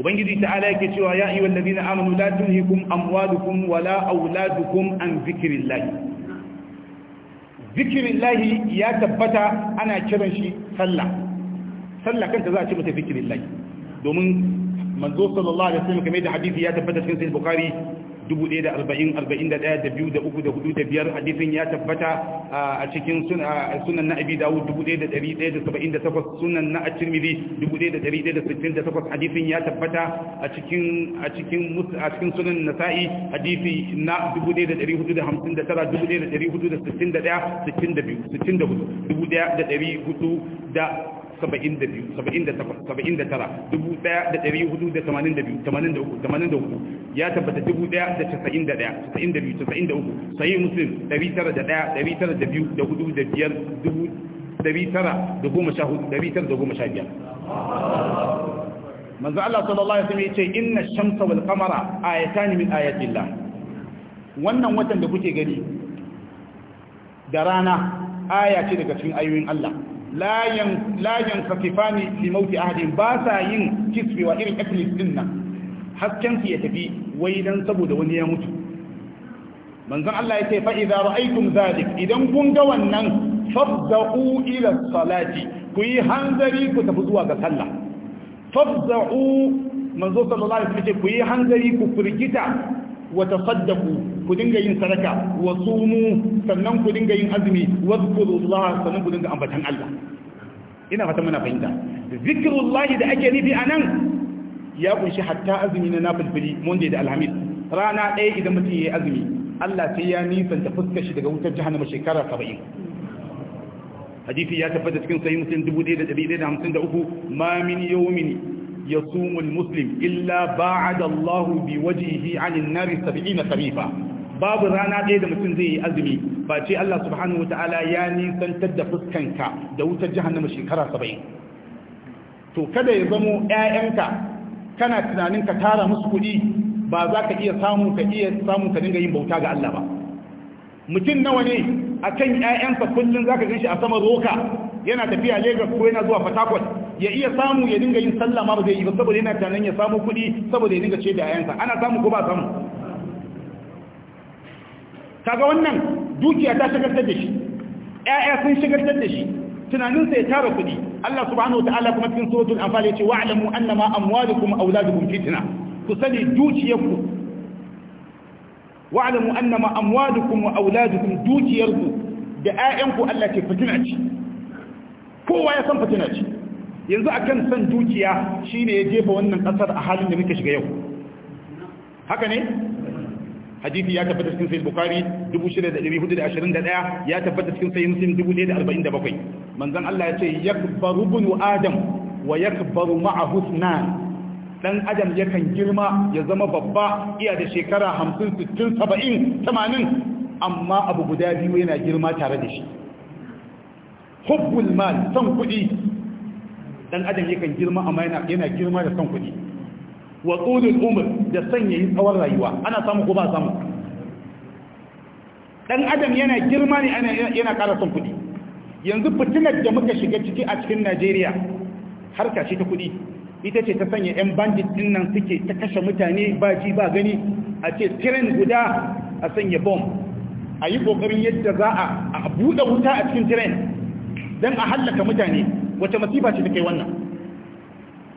ubangiji ta'ala yake cewa ya ayyuhal ladina amanu la tulhikum amwalukum wala auladukum an zikrillah zikrillah ya tabbata ana kiran shi sallah sallah kanta za a ce mata zikrillah domin manzo sallallahu alaihi wasallam kamar da hadisi ya tabbata cikin sahih bukhari dubu 41 da arba'in da 3 da biyu da biyar hadisin ya tabbata a cikin sunan na abi dawud takwas sunan na sittin da takwas hadisin ya tabbata a cikin a cikin a cikin sunan nasa'i hadisi na dubu 1461 da 64 1400 da 72 ya tabbata 1091 92 93 muslim 901 902 da 4 da Allah sallallahu alaihi wasallam yace inna ash-shamsa wal qamara ayatan min wannan watan da kuke gani da rana aya ce daga cikin ayoyin Allah layan sakifani limauti ahadin ba sa yin kisfewa irin eclipse din nan hasken su ya tafi wai dan saboda wani ya mutu manzon Allah ya ce fa idza ra'aytum zalik idan kun ga wannan fafza'u ila salati ku yi hanzari ku tafi zuwa ga sallah fafza'u manzo sallallahu alaihi wasallam ku yi hanzari ku firgita wa tasaddaqu ku dinga yin sadaka wa sumu sannan ku dinga yin azumi wa zkurullaha sannan ku dinga ambatan Allah ina fata muna fahimta zikrullahi da ake nufi anan ya kunshi hatta azumi na nafilfili monday da alhamis rana ɗaya idan mutum ya yi azumi Allah sai ya nisanta fuskar shi daga wutar jahannama shekara 70 hadisi ya tabbata cikin sahih muslim 1153 ma min yawmin يصوم المسلم إلا باعد الله بوجهه عن النار سبعين خريفا babu rana ɗaya da mutum zai yi azumi ba ce Allah subhanahu wata'ala ya nisantar da fuskanka da wuta jiha na jahannama shekara saba'in to kada ya zamo 'ya'yanka kana tunanin ka tara musu kuɗi ba za ka iya samu ka iya yin bauta ga Allah ba mutum nawa ne akan ƴaƴansa kullum zaka ganshi a sama roka yana tafiya Lagos ko yana zuwa Port ya iya samu ya dinga yin sallah ma ba zai yi ba saboda yana tunanin ya samu kuɗi saboda ya dinga ce da ayansa ana samu ko ba samu kaga wannan dukiya ta shagaltar da shi ƴaƴa sun shagaltar da shi tunanin sa ya tara kuɗi Allah subhanahu wataala kuma cikin suratul anfal yace wa'lamu annama amwalukum auladukum fitna ku sani dukiyarku wa'lamu annama amwalukum wa auladukum dukiyarku da ƴaƴanku Allah ke fitina ce kowa ya san fitina ce yanzu akan san dukiya shine ya jefa wannan kasar a halin da muke shiga yau haka ne hadisi ya tabbata cikin sahih bukhari 6421 ya tabbata cikin sahih muslim 1047 manzon Allah ya ce yakbaru ibn adam wa yakbaru ma'ahu ithnan dan adam yakan girma ya zama babba iya da shekara 50 60 70 80 amma abu guda biyu yana girma tare da shi hubbul mal son kuɗi dan adam yakan girma amma yana yana girma da son kuɗi wa tulul umr da son yayi tsawon rayuwa ana samu ko ba samu dan adam yana girma ne yana ƙara son kuɗi yanzu fitinar da muka shiga ciki a cikin Najeriya harka ce ta kuɗi ita ce ta sanya 'yan bandit din nan suke ta kashe mutane ba ji ba gani a ce tiren guda a sanya bom a yi ƙoƙarin yadda za a buɗe wuta a cikin tiren dan a hallaka mutane wace masifa ce take wannan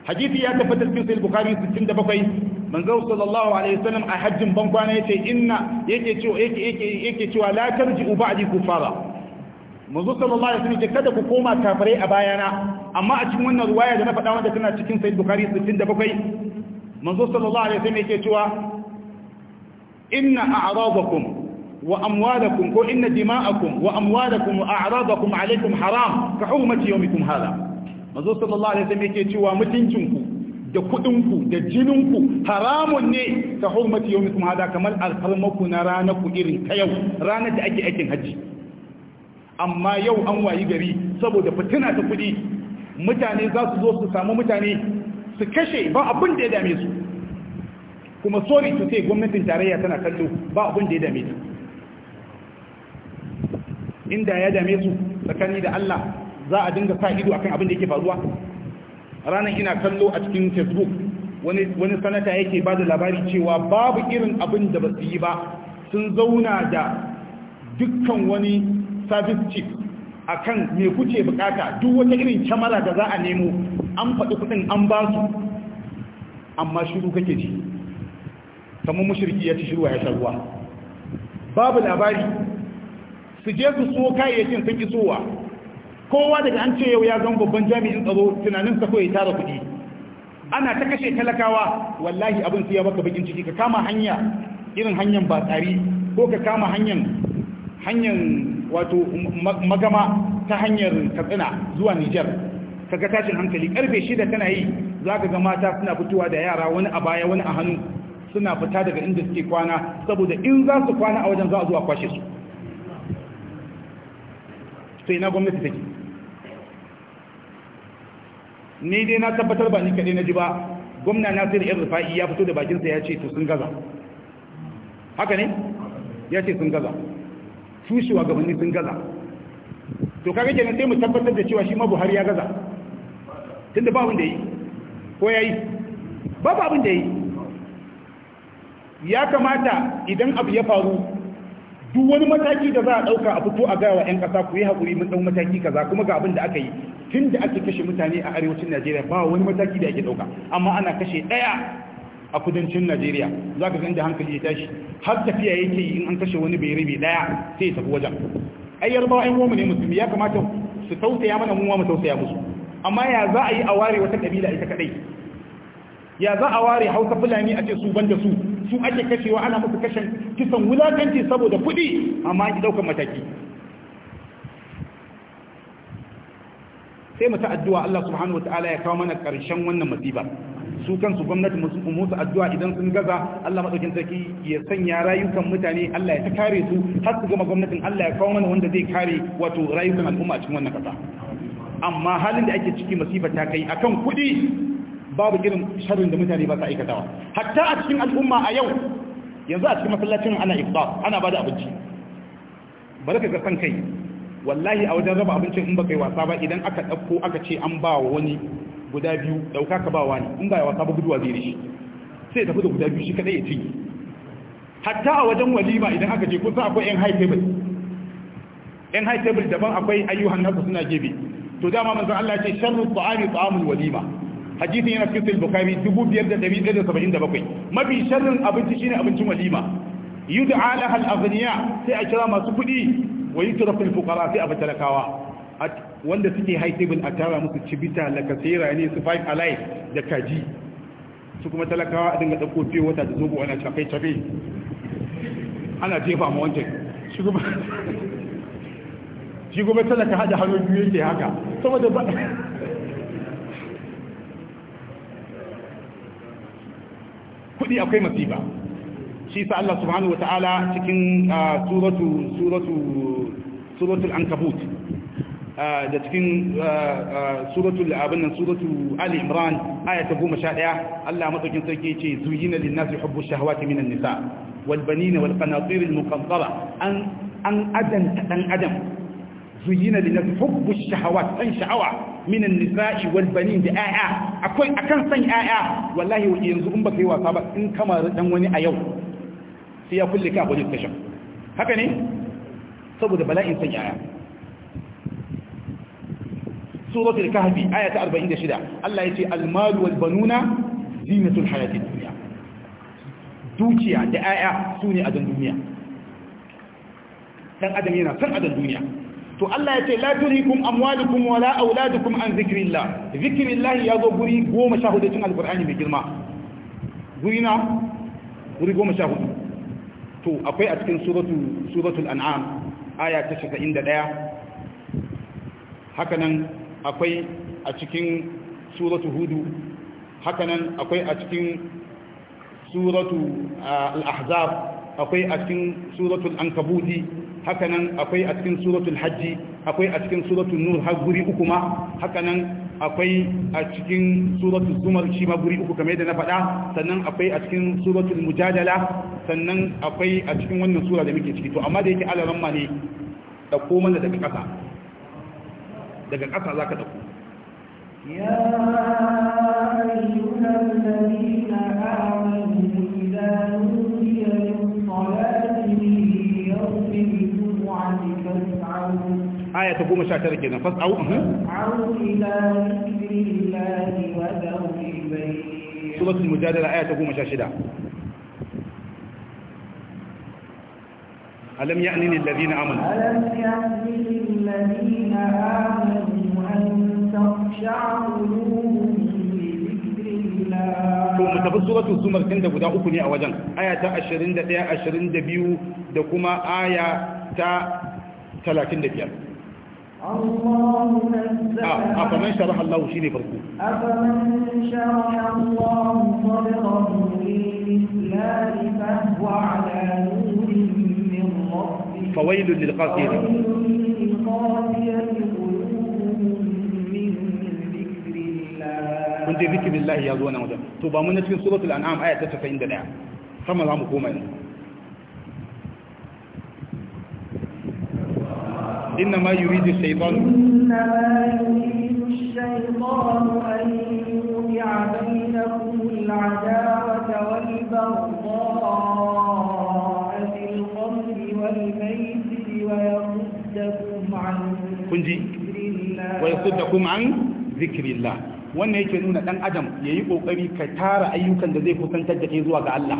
hadisi ya tabbatar cikin sahih bukhari 67 manzo sallallahu alaihi wasallam a hajjin ban kwana yace inna yake cewa yake yake yake cewa la tarji'u ba'di kufara manzo sallallahu alaihi wasallam yake kada ku koma kafirai a bayana amma a cikin wannan ruwaya da na faɗa wanda tana cikin sahih bukhari 67 manzo sallallahu alaihi wasallam yake cewa inna a'radakum وأموالكم وإن دماءكم وأموالكم وأعراضكم عليكم حرام كحرمة يومكم هذا manzo sallallahu alaihi wasallam yake cewa mutuncinku da kudinku da jininku haramun ne ka hurmati yawmikum hada kamar alfarmaku na ranaku irin ta yau ranar da ake aikin hajji. amma yau an wayi gari saboda fitina ta kudi mutane za su zo su samu mutane su kashe ba abin da ya dame su kuma sorry to say gwamnatin tarayya tana kallo ba abin da ya dame ta inda ya dame su tsakani da Allah za a dinga sa ido akan abin da yake faruwa ranar ina kallo a cikin facebook wani sanata yake ba da labari cewa babu irin abin da ba su yi ba sun zauna da dukkan wani service chief a kan mai kuce bukata duk wata irin kyamara da za a nemo an faɗi kuɗin an ba su amma shiru kake ji kamar mashirki ya ci shiruwa ya sha ruwa babu labari su je su so kayayyakin sun ki sowa kowa daga an ce yau ya zama babban jami'in tsaro tunanin sa ya tara kuɗi ana ta kashe talakawa wallahi abin su ya baka bakin ciki ka kama hanya irin hanyar ba tsari ko ka kama hanyar hanyar wato magama ta hanyar katsina zuwa Nijar ga tashin hankali karfe shida tana yi ka ga mata suna fitowa da yara wani a baya wani a hannu suna fita daga inda suke kwana saboda in za su kwana a wajen za a zuwa kwashe su to ina gwamnati take ni dai na tabbatar ba ni kaɗai na ji ba gwamna da yan rufa'i ya fito da bakinsa ya ce to sun gaza haka ne ya ce sun gaza su gabanin sun gaza to kaga kenan sai mu tabbatar da cewa shi ma buhari ya gaza tunda ba abin da yi ko ya yi babu abin da yi ya kamata idan abu ya faru duk wani mataki da za a ɗauka a fito a gawa 'yan ƙasa ku yi haƙuri mun ɗan mataki kaza kuma ga abin da aka yi tun da ake kashe mutane a arewacin najeriya ba wani mataki da ake ɗauka amma ana kashe ɗaya a kudancin najeriya za ka ganda hankali ya tashi har tafiya yake yi in an kashe wani bai rabe ɗaya sai ya tafi wajen ai yarbawa 'yan mu ne musulmi ya kamata su tausaya mana mu ma mu tausaya musu amma ya za a yi a ware wata ƙabila ita kaɗai ya za a ware hausa fulani a ce su ban da su su ake kashewa ana musu kashen kisan wulatanci saboda kuɗi amma ki ɗaukar mataki sai mu ta addu'a Allah subhanahu wataala ya kawo mana ƙarshen wannan musiba su kansu gwamnati musu addu'a idan sun gaza Allah madaukin sarki ya sanya rayukan mutane Allah ya ta kare su har su gama gwamnatin Allah ya kawo mana wanda zai kare wato rayukan al'umma a cikin wannan ƙasa amma halin da ake ciki masifa ta kai akan kuɗi babu irin sharrin da mutane ba sa aikatawa hatta a cikin al'umma a yau yanzu a cikin masallacin ana iftar ana bada abinci bari ka ga san kai wallahi a wajen raba abincin in baka yi wasa ba idan aka ɗauko aka ce an ba wa wani guda biyu ɗauka ka ba wa in ba ya wasa ba guduwa zai rishi sai tafi da guda biyu shi kaɗai ya ci hatta a wajen walima idan aka je kusa akwai yan high table yan high table daban akwai ayyuhan nasu suna gebe to dama manzon Allah ce sharru ta'ami ta'amul walima hadisin yana cikin bukhari 5177 mafi sharrin abinci shine abincin walima yud'a laha al-aghniya sai a kira masu kudi wa yutrafu al-fuqara sai a talakawa. wanda suke high table a tara musu cibita la kasira ne su five alive da kaji su kuma talakawa a dinga dauko fiye wata da zobo ana chafe chafe ana jefa ma wancan shi kuma shi kuma talaka hada hannu biyu yake haka saboda ba. kuɗi akwai masifa shi sa Allah subhanahu wata'ala cikin ah, suratu suratu suratul ankabut ah, da cikin ah, suratul abin nan ali imran aya ta 11 Allah madaukin sarki ce zuyina lin nasi hubbu shahawati minan nisa wal banina wal qanatir al muqaddara an an adan dan adam zuyina lin nasi hubbu shahawat an sha'awa minan nisa'i wal banin da ƴaƴa akwai akan san ƴaƴa wallahi yanzu in baka yi wasa ba in kama dan wani a yau sai ya kulle ka police station haka ne saboda bala'in san ƴaƴa suratul kahfi aya ta 46 Allah yace al malu wal banuna zinatul hayatid dunya dukiya da ƴaƴa sune a dan duniya dan adam yana san dan duniya to Allah ya ce la turhikum amwalukum wala auladukum an zikrillah zikrillah ya zo guri goma sha hudu cikin alqur'ani mai girma guri na guri hudu. to akwai a cikin suratul suratul an'am aya ta 91 haka nan akwai a cikin suratul hudu haka nan akwai a cikin suratul ah, al-ahzab akwai a cikin suratul ankabuti hakanan akwai a cikin suratul hajji akwai a cikin suratul nur har guri uku ma hakanan akwai a cikin suratul zumar shi ma guri uku kamar yadda na faɗa sannan akwai a cikin suratul mujadala sannan akwai a cikin wannan sura da muke ciki to amma da yake alaran ma ne ɗauko mana daga ƙasa daga ƙasa za ka ɗauko يا أيها الذين آمنوا إذا نودي للصلاة من يوم aya ta goma sha tara kenan fas au suratul mujadala aya ta goma sha shida ألم يأن للذين آمنوا ألم يأن للذين آمنوا أن تخشع قلوبهم لذكر الله ثم تفسرة الزمر كندا قد أكني أوجان آية 21 22 da kuma aya ta 35 a Allah shi ne farko شرح الله فويل للقاسية فويل من ذكر الله يا زوانا مدام توبا من في سورة الأنعام آية 91 كما فما قوما ينزل inna ma yi ridi shaibon wa yasuddakum an zikrillah wannan yake nuna dan adam yayi ƙoƙari ka tara ayyukan da zai kusantar da kai zuwa ga Allah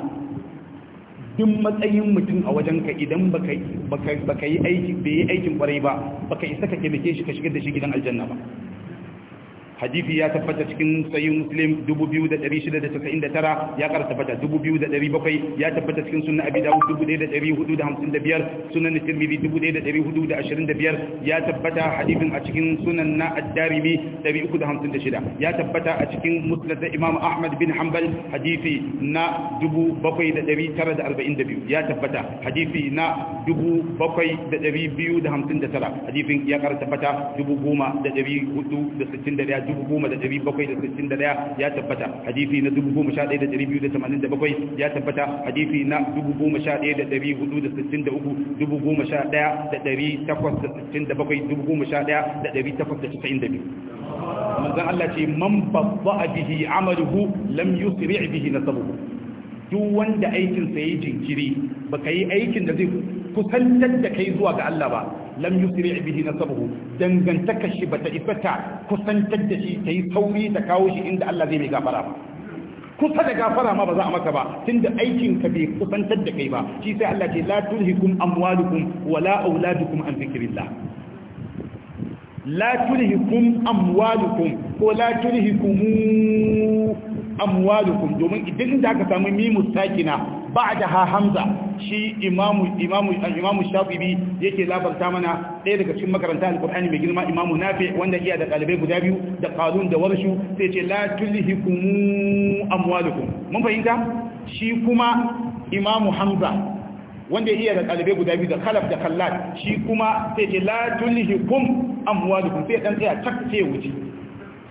duk matsayin mutum a wajen ka idan baka yi aikin kwarai ba baka isa ka taimake shi ka shigar da shi gidan aljanna ba hadisi ya tabbata cikin sayyid muslim 2699 ya kara tabbata 2700 ya tabbata cikin sunan abi dawud 1455 sunan tirmidhi 1425 ya tabbata hadisin a cikin sunan na ad-darimi 356 ya tabbata a cikin musnad imam ahmad bin hanbal hadisi na 7942 ya tabbata hadisi na 7259 hadisin ya kara tabbata 10461 10761 ya tabbata hadisi na 11287 ya tabbata hadisi na 11463 manzan Allah ce man babba bihi amaluhu lam yusri bihi nasabuhu duk wanda aikin sa yayi jinkiri baka yi aikin da zai kusantar da kai zuwa ga Allah ba lam yusri bihi nasabuhu dangantaka shi bata ifata kusantar da shi tayi sauri ta kawo shi inda Allah zai mai gafara ba kusa da gafara ma ba za a maka ba tunda aikin ka bai kusantar da kai ba shi sai Allah ce la tulhikum amwalukum wala auladukum an zikrillah la tulhikum amwalukum ko la tulhikum amwalukum domin idan da aka samu mimu sakina ba'da ha hamza shi imamu imamu imamu shafi'i yake labarta mana ɗaya daga cikin makaranta alqur'ani mai girma Imam nafi wanda iya da ɗalibai guda biyu da qalun da warshu sai ce la tulhikum amwalukum mun fahimta shi kuma imamu hamza wanda ya iya da ɗalibai guda biyu da kalaf da kallat shi kuma sai ce la tulhikum amwalukum sai dan tsaya tak sai wuce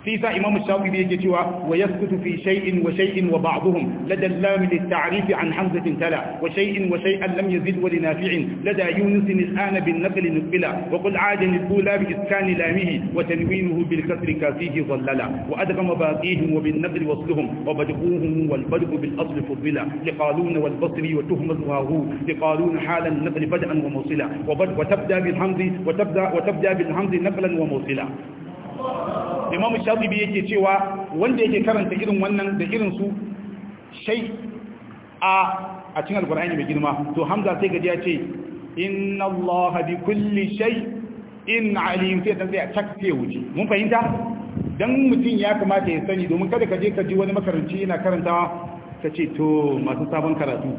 في سا إمام الشافعي بيجتوا ويسكت في شيء وشيء وبعضهم لدى اللام للتعريف عن حمزة تلا وشيء وشيئا لم يزد ولنافع لدى يونس الآن بالنقل نقلا وقل عاد الأولى بإسكان لامه وتنوينه بالكسر كافيه ظللا وأدغم باقيهم وبالنقل وصلهم وبدقوهم والبدق بالأصل فضلا لقالون والبصري وتهم الواهو لقالون حالا النقل بدءا وموصلا وتبدأ بالحمز وتبدأ وتبدأ بالحمز نقلا وموصلا imamu shafibi yake cewa wanda yake karanta irin wannan da irin su shai a a cikin alkur'ani mai girma to hamza sai gajiya ya ce inna allaha bi kulli shay in alim sai dan sai a cak wuce mun fahimta dan mutum ya kamata ya sani domin kada ka je ka ji wani makaranci yana karantawa ka ce to masu sabon karatu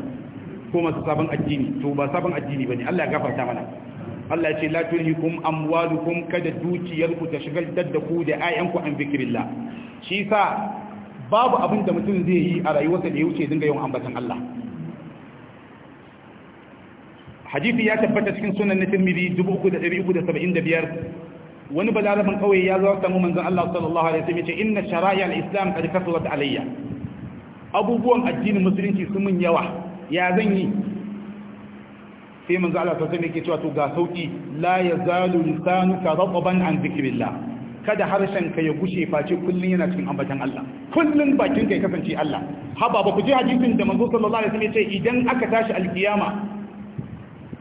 ko masu sabon addini to ba sabon addini bane Allah ya gafarta mana Allah ya ce la tulhikum amwalukum kada dukiyarku ta shigar da ku da ayyanku an zikrillah shi sa babu abin da mutum zai yi a rayuwarsa da ya wuce dinga yawan ambatan Allah hadisi ya tabbata cikin sunan na Tirmidhi 3375 wani balarabin kawai ya zo samu manzon Allah sallallahu alaihi wasallam ya ce inna shara'i al-islam qad kasrat alayya abubuwan addinin musulunci sun mun yawa ya zan yi sai manzo Allah sallallahu alaihi wasallam cewa to ga sauki la yazalu lisanuka rataban an zikrillah kada harshen ka ya gushe face kullun yana cikin ambatan Allah kullun bakin ka ya kasance Allah haba ba ku ji hadisin da manzo sallallahu alaihi wasallam ya ce idan aka tashi alkiyama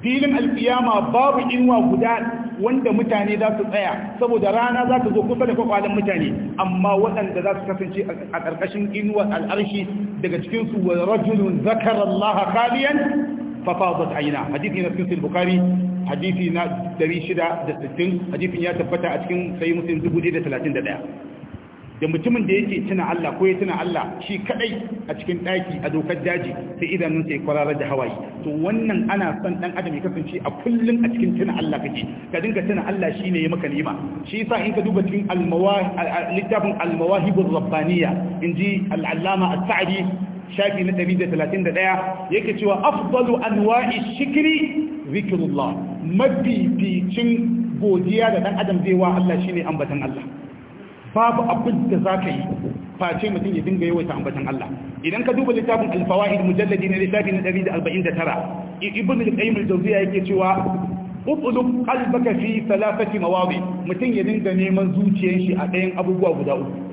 filin alkiyama babu inuwa guda wanda mutane za su tsaya saboda rana za ta zo kusa da kwakwalen mutane amma waɗanda za su kasance a ƙarƙashin inuwar al'arshi daga cikinsu wa rajulun zakarallaha Kaliyan. fafadat aina hadisi na cikin bukhari hadisi na 660 hadisin ya tabbata a cikin sai muslim 1031 da mutumin da yake tuna Allah ko ya tuna Allah shi kadai a cikin daki a dokar daji sai idanun sai kwararar da hawaye to wannan ana son dan adam ya kasance a kullun a cikin tuna Allah kake ka dinga tuna Allah shine ya maka nima shi yasa in ka duba cikin al-mawahib littafin al-mawahib ar-rabbaniyya inji al-allama as-sa'di shafi na 131 yake cewa afdalu anwa'i shikri zikrullah bicin godiya da dan adam zai wa Allah shine ambatan Allah babu abin da zaka yi face mutum ya dinga yawaita ambatan Allah idan ka duba littafin al-fawaid mujalladi ne littafi na 149 ibn al-qayyim al-jawziya yake cewa ubulum qalbaka fi thalathati mawadi mutum ya dinga neman zuciyar shi a ɗayan abubuwa guda uku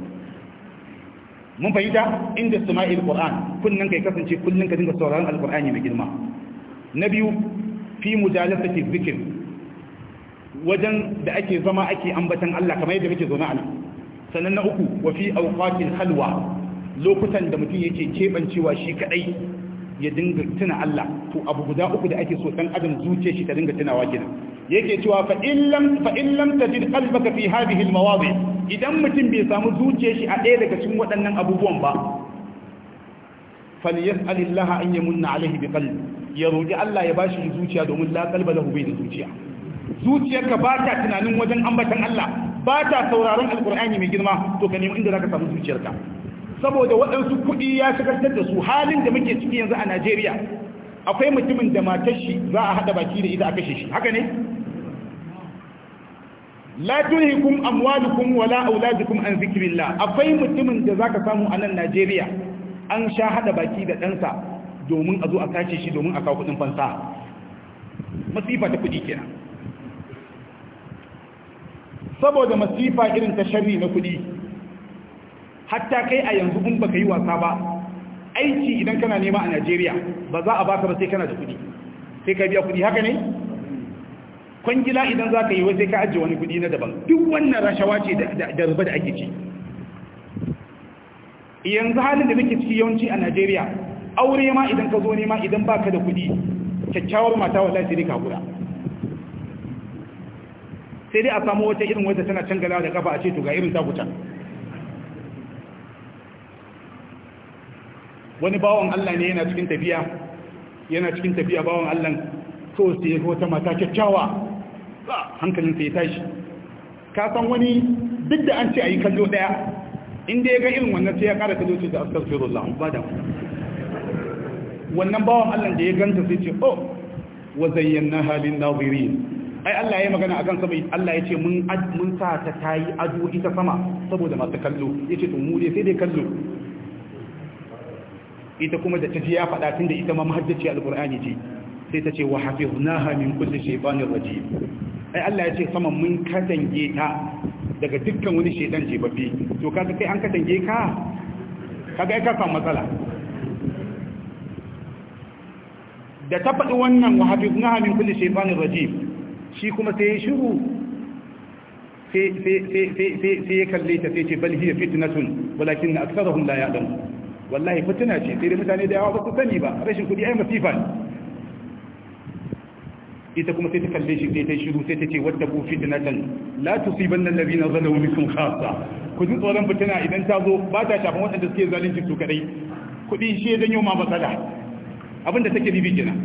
mun fahimta inda sama'il qur'an kullun kai kasance kullun ka dinga sauraron alqur'ani mai girma na biyu fi mujalasati zikir wajen da ake zama ake ambatan Allah kamar yadda muke zauna nan. sannan na uku wa fi awqatil halwa lokutan da mutum yake kebancewa shi kadai ya dinga tuna Allah to abu guda uku da ake so dan adam zuciyar shi ta dinga tunawa kenan yake cewa fa in lam fa tajid qalbaka fi hadhihi hilmawa idan mutum bai samu zuciyar shi a ɗaya daga cikin waɗannan abubuwan ba falyas'al Allah an yamunna alaihi bi qalbi ya roki Allah ya bashi zuciya domin la qalba lahu bai da zuciya zuciyarka ba ta tunanin wajen ambatan Allah ba ta sauraron alkur'ani mai girma to ka nemi inda zaka samu zuciyarka saboda waɗansu kuɗi ya shigartar da su halin da muke ciki yanzu a Najeriya akwai mutumin da matar shi za a haɗa baki da ita a kashe shi haka ne la tulhikum amwalukum wala auladukum an zikrillah akwai mutumin da zaka samu a nan Najeriya an sha haɗa baki da ɗansa domin a zo a kashe shi domin a kawo kuɗin fansa masifa ta kuɗi kenan saboda masifa irin ta sharri na kuɗi hatta kai a yanzu kun baka yi wasa ba aiki idan kana nema a Najeriya ba za a baka ba sai kana da kuɗi sai ka biya kuɗi haka ne kwangila idan za ka yi wai sai ka ajiye wani kuɗi na daban duk wannan rashawa ce da ruba da ake ci yanzu halin da muke ciki yawanci a Najeriya aure ma idan ka zo nema idan baka da kuɗi kyakkyawar mata wallahi sai ka gura sai dai a samu wata irin wata tana cangala da kafa a ce to ga irin takutan wani bawan Allah ne yana cikin tafiya yana cikin tafiya bawan Allah to sai ko ta mata kyakkyawa hankalin sai tashi ka san wani duk da an ce ayi kallo daya inda ya ga irin wannan sai ya kara kallo shi da astaghfirullah ba da wannan bawan Allah da ya ganta sai ce oh wa zayyanaha lin nadirin ai Allah ya magana akan sama Allah ya ce mun mun sa ta tayi ado ita sama saboda masu kallo yace to mu dai sai dai kallo ita kuma da ta ji ya faɗa tun da ita ma mahaddaci alƙur'ani ce sai ta ce wa hafiznaha min kulli shaytanir rajim ai Allah ya ce saman mun katange ta daga dukkan wani shaytan ce babbe to kaga kai an katange ka kaga ai ka samu matsala da ta faɗi wannan wa hafiznaha min kulli shaytanir rajim shi kuma sai ya shiru sai ya kalle ta sai ce bal hiya fitnatun walakin aktharuhum la ya'lamun wallahi fitina ce sai dai mutane da yawa ba su sani ba rashin kuɗi ai masifa ne ita kuma sai ta kalle shi sai ta shiru sai ta ce wadda ku fitnatan la tusiban allazina zalamu minkum khassa ku ji tsoron fitina idan ta zo ba ta shafan waɗanda suke zalunci su kadai kuɗi shi ya danyo ma matsala abinda take bibi kenan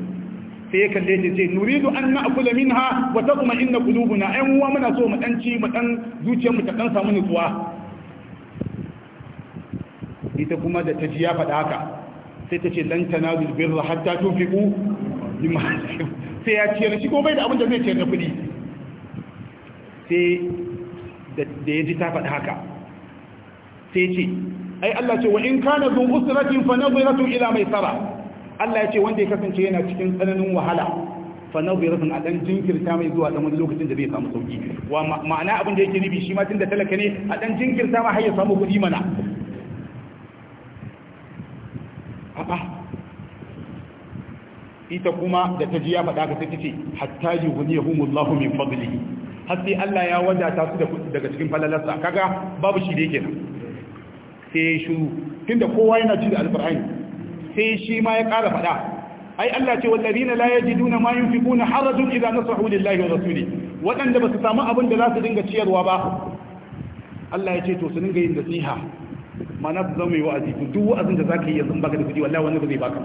sai ya kalle ta ce nuridu an na'kula minha wa taqma inna qulubuna ayan uwa muna so mu dan ci mu dan zuciyar ta dan samu nutsuwa ita kuma da ta ji ya faɗa haka sai ta ce dan tanazul birra hatta tunfiqu bima sai ya ciyar shi ko bai da abin da zai ciyar da kuɗi sai da ya ji ta faɗa haka sai ce ai Allah ce wa in kana zu usratin fa nadhiratu ila maisara Allah ya ce wanda ya kasance yana cikin tsananin wahala fa nadhiratun a dan jinkirta mai zuwa dan wani lokacin da zai samu sauki wa ma'ana abin da yake nufi shi ma tunda talaka ne a dan jinkirta ma har ya samu kuɗi mana A'a ita kuma da ta ji ya faɗa ka sai ta ce hatta yuhniyahumullahu min fadlihi har Allah ya wanda ta su daga cikin falalarsa kaga babu shi da yake nan sai shuru tunda kowa yana ji da alqur'ani sai shi ma ya ƙara faɗa ai Allah ce wallazina la yajiduna ma yunfiquna harajun idza nasahu lillahi wa rasuli waɗanda ba su samu abin da za su dinga ciyarwa ba Allah ya ce to su dinga yin nasiha mana su zama yi wa'azi to duk wa'azin da zaka yi yanzu baka da kuɗi wallahi wani ba zai baka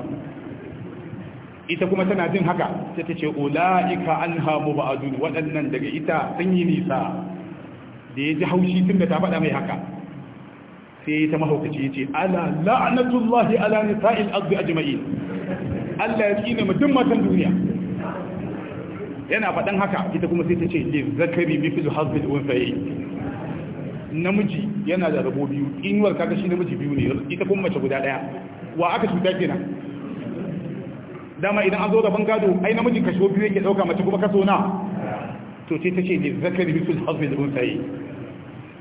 ita kuma tana jin haka sai ta ce ulaika anha mubadun waɗannan daga ita sun yi nisa da ya ji haushi tun da ta faɗa mai haka sai ta mahaukaci ya ce ala la'anatullahi ala nisa'il ardi ajma'in Allah ya tsine mu duk matan duniya yana faɗan haka ita kuma sai ta ce li zakari mithlu hazbil unsayi namiji yana da rabo biyu inuwar kaga shi namiji biyu ne ita kuma mace guda daya wa aka cuta kenan dama idan an zo gaban gado ai namiji kaso biyu yake dauka mace kuma kaso na to ce tace ne zakari bisul hazbi da mun sai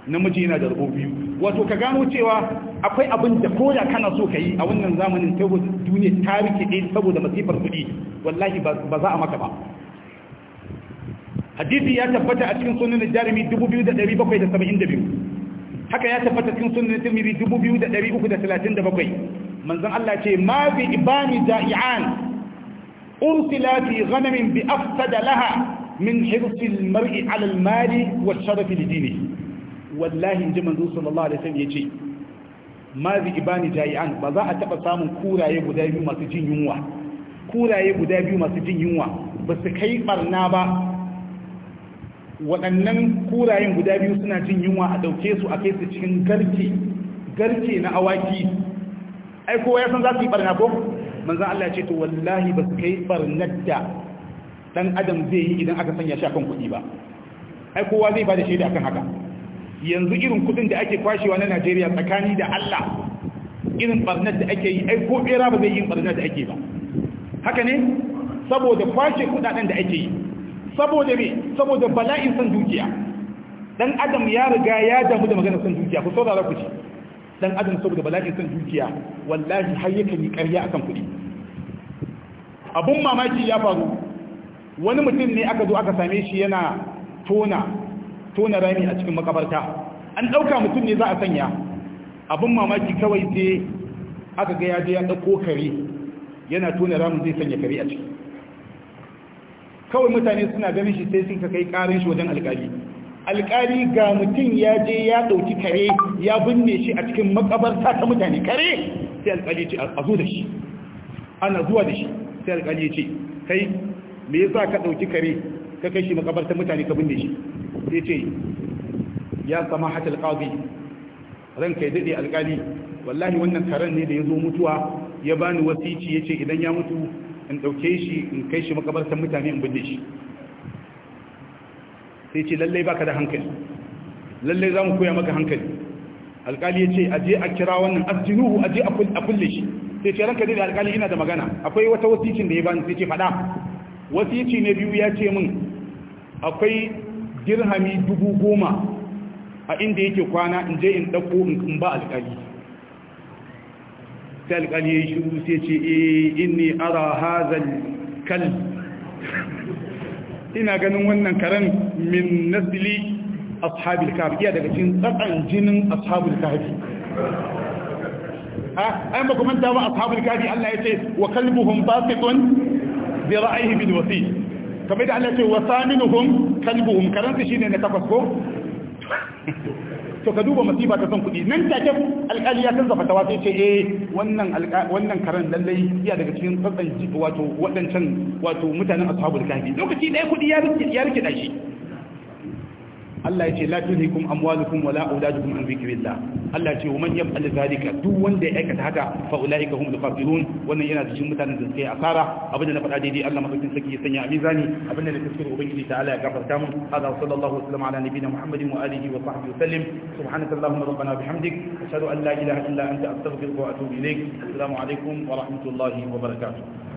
namiji yana da rabo biyu wato ka gano cewa akwai abin da koda kana so kai a wannan zamanin tabbas duniya ta rike dai saboda masifar kudi wallahi ba za a maka ba hadisi ya tabbata a cikin sunan jarumi 2772 haka ya tabbata cikin sunan tirmidhi 2337 manzon Allah ce ma bi ibani da'ian ursila fi ghanamin bi afsada laha min hirsi almar'i ala almali wa sharafi lidini wallahi inji manzo sallallahu alaihi wasallam yace ma bi ibani da'ian ba za a taba samun kuraye guda biyu masu jin yunwa kuraye guda biyu masu jin yunwa ba su kai barna ba waɗannan kurayen guda biyu suna jin yunwa a dauke su a kai su cikin garke garke na awaki ai kowa ya san za su yi barna ko manzan Allah ce to wallahi ba su kai barnar da ɗan adam zai yi idan aka sanya shi akan kuɗi ba ai kowa zai ba da shaida akan haka yanzu irin kuɗin da ake kwashewa na Najeriya tsakani da Allah irin barnar da ake yi ai ko bera ba zai yi barnar da ake ba haka ne saboda kwashe kuɗaɗen da ake yi saboda me saboda bala'in san dukiya dan adam ya riga ya damu da magana san dukiya ku saurara ku ci dan adam saboda bala'in san dukiya wallahi har yake yi ƙarya akan kuɗi abun mamaki ya faru wani mutum ne aka zo aka same shi yana tona tona rami a cikin makabarta an ɗauka mutum ne za a sanya abun mamaki kawai sai aka ga ya je ya ɗauko kare yana tona ramin zai sanya kare a ciki kawai mutane suna ganin shi sai suka kai karin shi wajen alkali alkali ga mutum ya je ya dauki kare ya binne shi a cikin makabarta ta mutane kare sai alkali ce a zo da shi ana zuwa da shi sai alkali ce kai me yasa ka dauki kare ka kai shi makabarta mutane ka binne shi sai ce ya samahatul qadi ran kai dade alkali wallahi wannan karen ne da ya zo mutuwa ya bani wasici ya ce idan ya mutu in ɗauke shi in kai shi makabartar mutane in bude shi sai ce lallai baka da hankali lallai za mu koya maka hankali alkali ya ce a je a kira wannan asjinuhu a je a kulle shi sai ce ranka da alkali ina da magana akwai wata wasicin da ya bani sai ce faɗa wasici na biyu ya ce min akwai girhami dubu goma a inda yake kwana in je in ɗauko in ba alkali sai alƙali ya yi shiru sai ce eh inni ara hazal kal ina ganin wannan karen min nasli ashabil kahfi ya daga cikin tsatsan jinin ashabul kahfi ha ah, ai ba kuma ta ba ashabul kahfi Allah ya ce wa kalbuhum basitun bi ra'ayhi bil wasi kamar da Allah ya ce wa saminuhum kalbuhum karen shi ne na takwas ko to ka duba masifa ta son kuɗi nan take alƙali ya canza fatawa sai ce eh wannan wannan karan lallai iya daga cikin tsatsan wato waɗancan wato mutanen ashabul kahfi lokaci ɗaya kuɗi ya rike ya rike shi Allah ya ce la tulhikum amwalukum wala auladukum an zikrillah Allah ya ce wa man yaf'al zalika duk wanda ya aikata haka fa ulaika humul khasirun wannan yana cikin mutanen da suke asara abinda na faɗa daidai Allah madaukakin saki ya sanya a mizani abinda na tafsir ubangiji ta'ala ya gafarta mu hada sallallahu alaihi wa ala nabiyina muhammadin wa alihi wa sahbihi sallim subhanaka allahumma rabbana bihamdik ashhadu an la ilaha illa anta astaghfiruka wa atubu ilaik assalamu alaikum wa rahmatullahi wa barakatuh